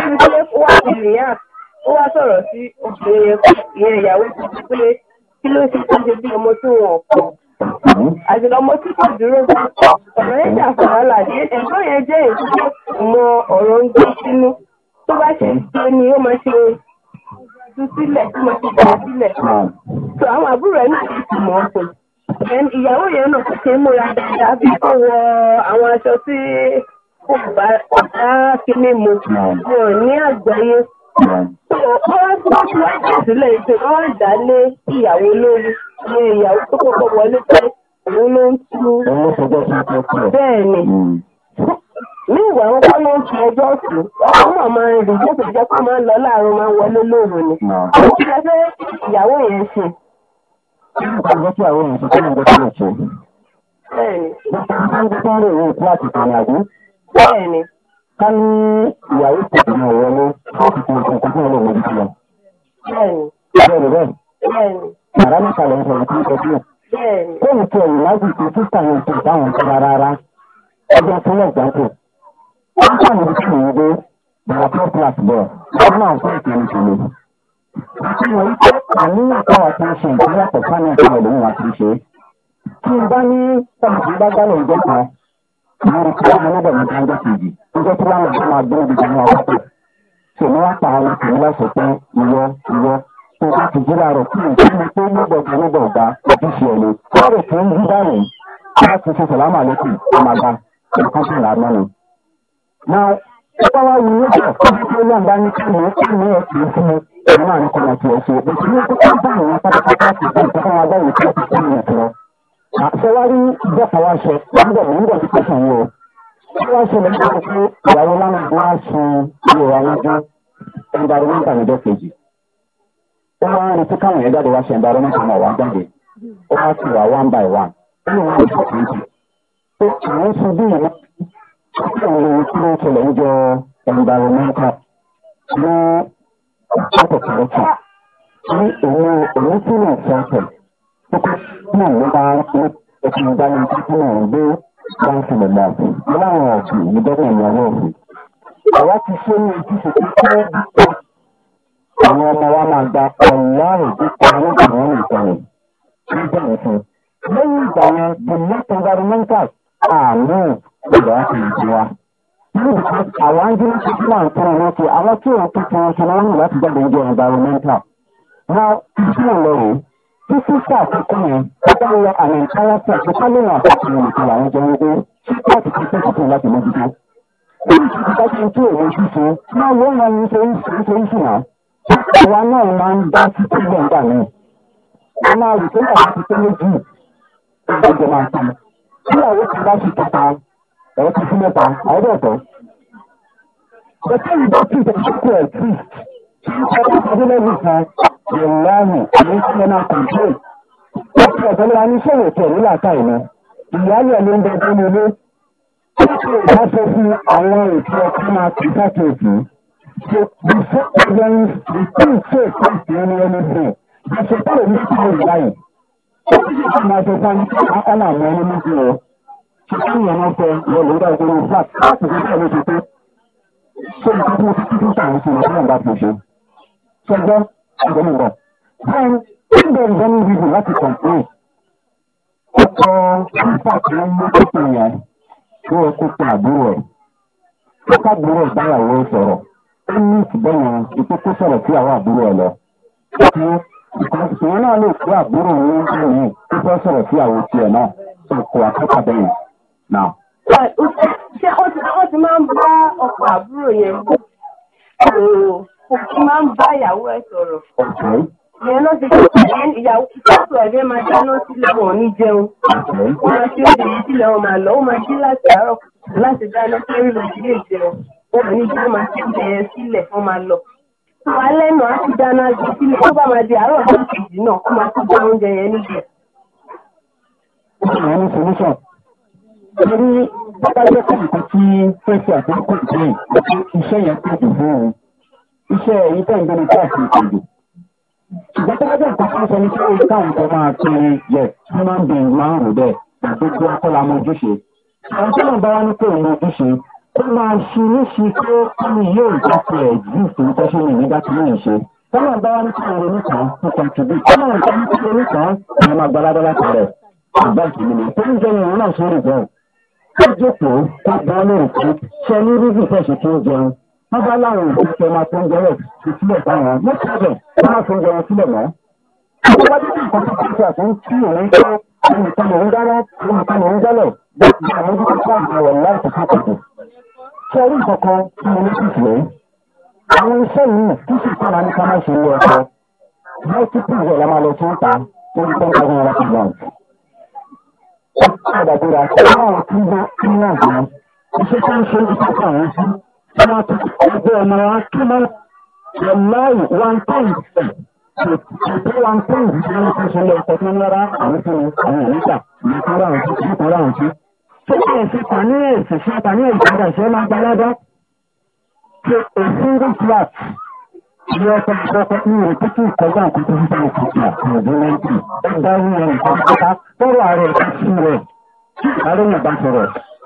ó ti ṣe wá ìrìn àti ó wá sọ̀rọ̀ sí obìnrin yẹn ìyẹn ìyàwó tó ti pé kí ló ṣe tó ṣe bí ọmọ tí wọn kọ. àjùlọ ọmọ tí kò dúró bá ọ̀rọ̀ yẹn jà fún wàhálà ẹ̀gbọ́n yẹn jẹ́ èyí tó mọ ọ̀rọ̀ ń gbé sínú tó bá ṣe ṣe ni ó máa ṣe tú sílẹ̀ tí mo ti gbà sílẹ̀. tó àwọn àbúrò ẹ̀ náà ti mọ̀ ọ́ pé ìyàwó yẹn náà kò ṣe é múra dáadáa bí kò wọ àwọn aṣọ tí kò bá kí mímu wọn ní àgbáyé sílẹ̀ ìpè kọ́ dá lé ìyàwó lórí ní ìyàwó tó kọ́kọ́ wọlé pé òun ló ń tú. bẹ́ẹ̀ ni ní ìwà wọn kọ́ ló ń tu ẹjọ́ sí ọkọ náà máa ń rìn tó sì jẹ́ kó máa ń lọ láàárọ̀ máa ń wọlé lóru ni. Hmm. àwọn ti fẹ́ ìyàwó yẹn ṣe. bẹ́ẹ̀ ni. bẹ́ẹ̀ ni ká ní ìyàwó tẹ̀lé náà wọlé láti fi nǹkan kan tí wọ́n lè mójú sí lọ. bẹ́ẹ̀ni bẹ́ẹ̀ni bàbá mi kàlẹ̀ ń sọ̀rọ̀ tí ó tọ́jú ẹ̀. kóòlù tí ẹ̀yìn láti fi sísà yẹn ti bá wọn tọ́ra rárá ọjọ́ tí wọ́n gbà tó. wọ́n kà ní kí wọ́n gbé bàbá tó plas bọ̀ wọ́n náà fún ìkànnì ìṣòro. àfihàn yìí pé àníyàn káwà tí ń ṣe ìgbéyàtọ̀ fáwọn ìkànnì ìlú wa ti ṣe. tí n bá ní tọ́jú bá gbálẹ̀ ìjọba àwọn ọkọ ọmọ náà bẹ̀rẹ̀ nǹkan jẹ́kejì níjẹ́ tí wọ́n máa máa dúró dídá ní ọkọ̀ ṣe ni wọ́n pa àwọn ọkùnrin lọ́sọ̀ pé ìwọ ìwọ tó bá ti jí láàárọ̀ kí n kí ni pé nígbàgbọ́ nígbàgbà ojúṣe ẹ̀ ni wọ́n rò ń dá rè wọ́n ti ṣe sàlámù àlékún ọmọọba nǹkan tó rà mọ́ni. na ẹgbẹ́ wa yìí níjọ́ ibi wọ́n àṣẹwárí bẹ́ẹ̀ káwá ṣe nígbà tí nígbà tí kò sàn yìí o káwá ṣe lè dáa pé ìyàwó lánàá wá sun ìrora lójú ẹnìdàrúmọ́tà lọ́jọ́ kejì ó máa ń retí káwọn yẹn jáde wá ṣe ẹnìdàrúmọ́tà náà wá jáde ó máa ti wà one by one ó lè wọ́n lè fọ́ kìí jù pé àwọn sun bí ìyẹn kí àwọn ohun ṣẹlẹ̀ ń jọ ẹnìdàrúmọ́tà ní àtọ̀kọ̀rọ̀tà ní òun òun tí wọ́n fẹ́ náà ló bá ẹtì ìgbà ní títí náà ń gbé báńkì lọ́la láwọn ọ̀sìn ní ini ìyàwó ọ̀sìn. àwa ti ṣe ní ojúṣe tó kọ́ àwọn ọmọ wa máa gba ọ̀làrùn tó kọ́ àwọn ìgbàlódé ìgbàlódé ìgbàlódé fún un lẹ́yìn ìgbà yẹn the net environmental ààrùn ìgbà ti ìjì wa. àwọn angele ti fún àwọn tó wọn ti àwọn tí wọn environmental. now ìṣúná lọ rèé. This is that coming. Ọjọ́ ìwà àmì ìkáyàtọ̀ tó ká lóun àbáṣe ní ìtura àwọn jẹun pé láti fi tẹ́sí fún láti mójútó. Èyí ti ti dájú ojú èrò ojú ṣe máa wọ́n máa ń ṣe ń ṣe ń ṣe ń ṣìnà. Àwa náà máa ń dá sí pílẹ̀ ńgbà náà. A máa rò pé àwọn ti pé méjì ìgbàjọ máa tán. Bí àwọn ti bá ṣe kẹta, ẹ̀rọ ti fún mẹ́ta, àwọn bẹ̀ tọ́. Bẹ̀tẹ̀ ìbá tún ìtẹ̀síkù ẹ̀ tí. Ṣé ọdún ọdún lẹ́nu kan yọ̀láhù àdéṣẹ́nà kọ̀ǹtẹ́ẹ̀n láti ọ̀tọ́lá ní sọ̀rọ̀ tẹ̀lé látàrí náà ìyáálẹ̀ ló ń bẹ tó ní ilé láti ìdáṣẹ́ sí àwọn ètò ọkọ̀ máa kì í sàkíyèsí so the fact that there is the thing say comes to any any thing the support of this thing is dying ó ti ṣe fún máa sọ fún ọmọ àwọn ẹni méjì o ṣe kí sọ lọ́lọ́ àgbẹ̀mí rẹ̀. Báyìí, ó bẹ̀rẹ̀ ní ibi láti kọ̀m̀pé. Ó kọ pípa tí wọ́n mú kókò yẹn tí wọ́n kó pa àbúrò ẹ̀. Pípa àbúrò ẹ̀ báyàwó sọ̀rọ̀. Ó ní ìtìbẹ́yìn ètò kó sọ̀rọ̀ sí àwọn àbúrò ẹ̀ lọ. Ìkànsìn náà lè kó àbúrò yín báyìí tó fẹ́ sọ̀rọ̀ sí àwọn tiẹ̀ náà. Ṣèkò àkọ́kọ́ bẹ́yìn. Ṣé ó ti máa ń bá ọkọ̀ àbúrò yẹn bọ̀? ọkùnrin máa ń bá ìyàwó ẹ̀ sọ̀rọ̀. ìyẹn ló ti ṣe ìyàwó ìtọ́sọ̀ ẹ̀dẹ́ máa dáná sílẹ̀ wọn ní jẹun. ó máa ṣe oúnjẹ yìí sílẹ̀ wọn máa lọ ó máa ṣe láti àárọ̀ láti dáná sórí lòdì lè jẹun. obìnrin jẹ́ máa ṣe oúnjẹ yẹn sílẹ̀ wọ́n máa lọ. wà á lẹ́nu á ti dáná jù sílẹ̀ tó bá máa di àárọ̀ ọjọ́ kejì náà ó máa ti dá oúnjẹ yẹn níbẹ̀. ó sì ṣe àtúnkù sí iṣẹ́ yẹn tó iṣẹ́ èyí tẹ̀ ń bẹ́ni káàkiri kejì. ṣùgbọ́n tó bá jẹ́ nǹkan tó ń sọ ní kí orí táwọn kan máa kiri yẹ human being máa ń rò bẹ́ẹ̀ gbàgbé akọ́lá mọ ojúṣe. àwọn tó ń bá wá ní pé òun ojúṣe ó máa ṣe léṣe pé kọ́ni yóò gbà pé ẹ̀jú fún tọ́ṣe ní ìgbà tí wọ́n ń ṣe. tọ́lá ń bá wá ní pé òun nìkan nípa tìbí tọ́lá ń tó ń jẹ́ wọ́n bá láwọn òṣìṣẹ́ máa tó ń gbọ́rọ̀ sí sílẹ̀ báwọn ní ṣẹ́bẹ̀ wọ́n máa tó ń gbọ́rọ̀ sílẹ̀ mọ́. àwọn bá dídì nǹkan tó kọjá tó ń tí òun tó nǹkan lòún dáná nǹkan lòún dálẹ̀ bí àwọn ojú tó ń bọ̀ láì tẹ̀sán kọ̀kọ̀. ṣé orí kankan tí mo ní kìkì lẹ́yìn. àwọn iṣẹ́ yìí tí sì kọ́ máa ní ká má ṣe ilé ọkọ multiple rẹ̀ la máa lọ tó ń ta tó ń tẹ́ka ní ọlọ́pàá náà. ó padà gbéra ọmọ ọgbẹ ọmọ akínú yẹláì one time ètò one time ní ọjọ́ ìṣẹ̀lẹ̀ ọkọ̀ tí wọ́n rárá àwọn fún àwọn onígbà nítorí àwọn tí nítorí àwọn tí. tó bá yẹ sí tàní ẹ̀sìn sí tàní ìjọba ìṣẹ́ máa gba lọ́dọ́ ṣe a single flat ní ọkọ̀ ìjọba ní òtútù ìkọjá nǹkan tó ń bá ìkọjá ọ̀dọ́ lẹ́yìn tó ń bá ìrìn àrùn ìjọba tó rọ àrùn ìjọba sí rẹ̀ àrùn ìbá sọ̀rọ̀.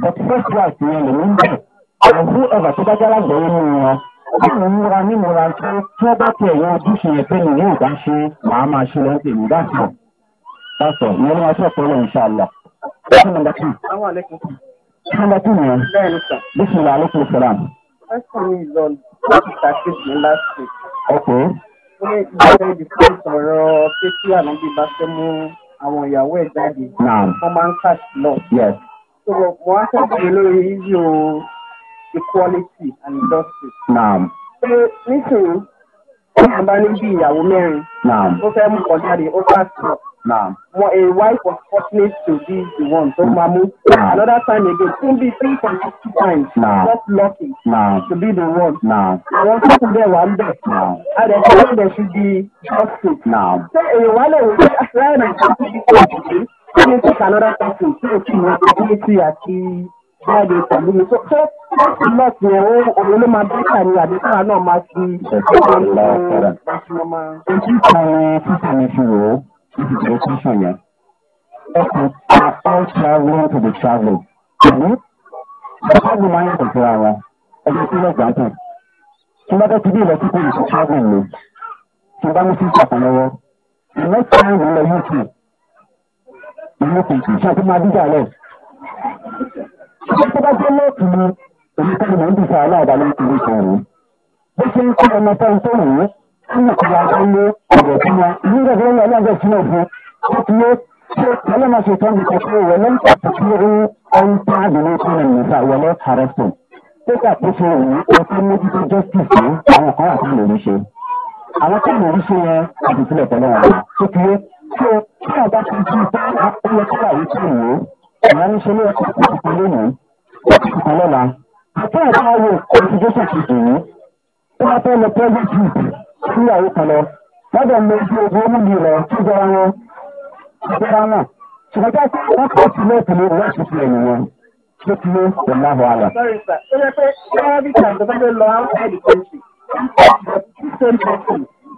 forty first class yẹn lè ń bẹ̀ àwọn fún ẹ̀fà tó bá jẹ́ alágbọ̀ yẹn nínú wọn báwo ń múra mímúra tó tí wọ́n bá tẹ̀ wọ́n ojúṣe yẹn pé ní yóò bá ṣe màá máa ṣe lọ́n tèmi dáàtọ̀ dáàtọ̀ ìyẹn ló máa ṣe ọ̀pọ̀ lọ́wọ́ ìṣàlọ̀. nọmba two nọmba two yẹn bísílà aleykum salam. ok. Ilé ìgbésẹ̀ ìdìbò sọ̀rọ̀ pé kí àná bí bá fẹ́ mú àwọn ìyàwó ẹ̀ jáde. Wọ́n máa ń kàṣì So mo wá sọ̀rọ̀ lórí issue equality and justice. Ṣé nísìnyí wọ́n bá ní bí ìyàwó mẹ́rin. Ó fẹ́ mú kọ jáde ó fà sùn. Mo a wife was fortunate to be the one tó máa mú. Another time again, tún bí three point two times. Just lucky to be the one. Àwọn tó kù bẹ́ẹ̀ wá ń bẹ̀. A lè ṣe wọ́n bẹ̀ ṣe di justice. Ṣé èèyàn wá lè wò pé láì náà ṣe kí ní kò jù you, coming to another person tí o ti mọ you, àti báyìí pẹ̀lú mi. ṣé láti lọ sí owó òun ló máa bí kàní àbí káà náà máa fi ṣètò ìlà ọ̀kadà. ojú kan fífà mi fi wò ó ibi tó kún fún yẹn. ọkùn ta all travelling to the travel. Báwo máa ń yàtọ̀ síra wọn? Ẹgbẹ́ tí wọ́n gbàgbọ́. Tí wọ́n bá ti bí ìlọsí kò lè ṣe travel lò. Tí wọ́n bá mú sí ìṣàkànlọ́wọ́. Ìlọ́sí àwọn ìlọ YouTube ìlú kùtù ṣé àti máa díjà lẹ̀. ṣé tó bá dé lẹ́ẹ̀kì ni èmi tó ní mò ń dìjà aláàbá ló ń kiri sọ̀rọ̀. bó ṣe ń kọ́ ọmọ tó ń tó wù ú kí nìkan la tó lé ọ̀rọ̀ fún wa ìlú ìgbàgbọ́ lọ́wọ́ aláàbẹ̀ sílẹ̀ fún ó ti yé ṣé ọlọ́mọ ṣe tán ní kọ́kọ́ rẹ̀ lẹ́yìn pàtàkì rí ọ̀hún tá a dùn ní kí ni nìta wọlé harrison. tó ṣàkóso òun ó tó mójútó justice ní àwọn kan wà tó lè rí ṣe. àwọn tó lè rí ṣe yẹn àdìsílẹ̀ pẹ̀lú àwọn tó ti yé ṣé tí a bá ti di pé ó yẹ kí làwọn ti wò ó ìyá ń ṣe ló yẹ kí a ti kan lónìí ó ti kan lọ́la àti àti àwọn òkú jésù ti dùn ún ó bá fẹ́ lọ pẹ́ẹ́lí jùlọ sí ìyàwó kan lọ lọ́dọ̀ mi ojú ogun onílù lọ tó jọra wọn ìjọba náà ṣùgbọ́n tá a ti wọ́n kọ́ sílẹ̀ ìpínlẹ̀ wọ́n ti ẹ̀yìn wọn ló ti lé ìlànà àlà. ó yẹ pé ẹ́ẹ́dì kan tó bá fẹ́ lọ áwọn ẹ̀ẹ́dì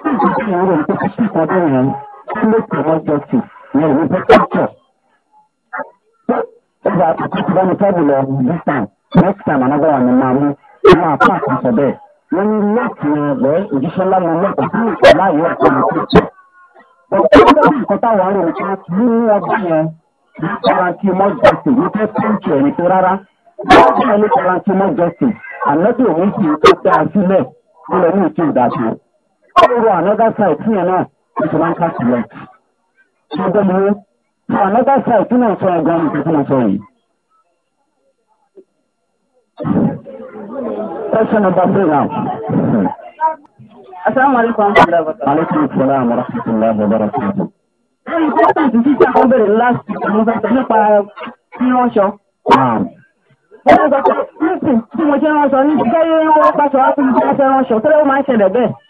ṣíṣe ìwé rẹ̀ tó ṣíṣe ìpàdé yẹn kí ló pè wọ́n jọ sí ní ìwé pẹ́kítọ̀. Ẹgbẹ́ àtúntò bá mi tẹ́bù lọ this time next time another one ni máa mú ọmọ àpá àkànṣe bẹ́ẹ̀. Wọ́n ní láti yan ẹgbẹ́ òjíṣẹ́ ńlá mi lọ́kọ̀ọ́ sí ìpàdé àyè ọ̀pọ̀ mi tó tẹ̀. Ọ̀pọ̀ nǹkan táwọn arìnrìn ni wọ́n ti mú ọgbà yẹn garanti more justice ní fẹ́ pẹ́ǹtì ẹ̀ ní pé rárá. Wọ́n ní garanti more justice ànábì òun kì í tó dáa sílẹ̀ nílẹ̀ ní uh, ìtú ìdájọ́. Over another side tí yẹn náà ó ti máa ń cast lọ. Ṣé ọgbọ́n mi wọ́n? For another side tí náà sọ ọgbọ́n mi tuntun náà sọ yìí. Question number three now. Asalaamualeykum wa rahmatulahi wa barakatuh. Aleykum salaam wa rahmatulahi wa barakatuh. Ṣé ìfọ́sàn ti ti ṣe àkọ́bẹ̀rẹ̀ last week mo fẹ́ sọ nípa bí wọ́n ṣọ? Wọ́n ń sọ pé nísìn tí mo ṣe ránṣọ ní ṣẹ́yẹ́ wọ́n pàṣẹ wá fún mi ṣe ránṣọ tó lè máa ń ṣẹlẹ̀ bẹ́ẹ̀.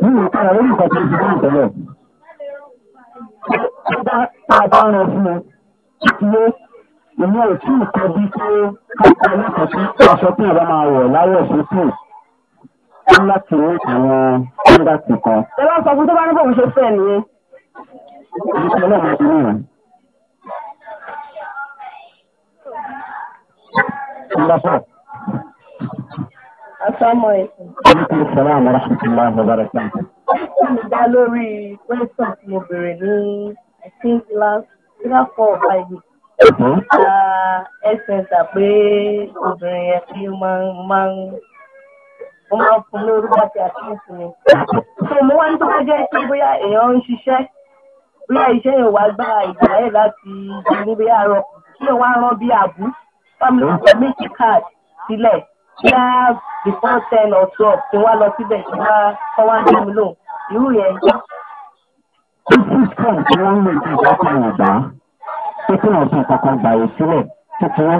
ní ìpara lórí ìkọ̀tí ìṣẹ́ ìtẹ̀lẹ̀. Tá a bá rán fún un, ìdílé ìlú ò tí ì kọ bí pé káàkiri alákọ̀ọ́ sí aṣọ tí ìbá máa wọ̀ láwọ̀ sókè láti ní àwọn kọ́ńdàtì kan. Ẹ bá sọ fún tó bá ní bòun ṣe fẹ́ nìyẹn. Ìṣẹ́ ọlọ́run ti ní ìrìn. Ìgbà fún ọ. Asalaamualeykum. Aleykum salaam wa rahmatulah wa barakatuh. Mo dá lórí question tí mo bèrè ní I think last three four five weeks. Ẹsẹ̀nsà uh, pé obìnrin yẹn kí máa ń máa ń ó máa ń fún lórúkọ àti àkíyèsí mi. Ṣé mo wá ní tó bá jẹ́ pé bóyá èèyàn ń ṣiṣẹ́ bóyá iṣẹ́ yẹn wá gba ìgbàláyè láti jẹ níbi àárọ̀ kí èèyàn wá rán bí àbú fámìlì méjì káàdì sílẹ̀ bíá before ten or twelve kí wá lọ síbẹ̀ kí wá kọ́ wá dé mi lóhùn irú yẹn jẹ́. tí system tí wọ́n ń lò ju ìdájọ́ ìwọ̀n bá tó tí wọ́n fi kankan gbàyè sílẹ̀ tuntun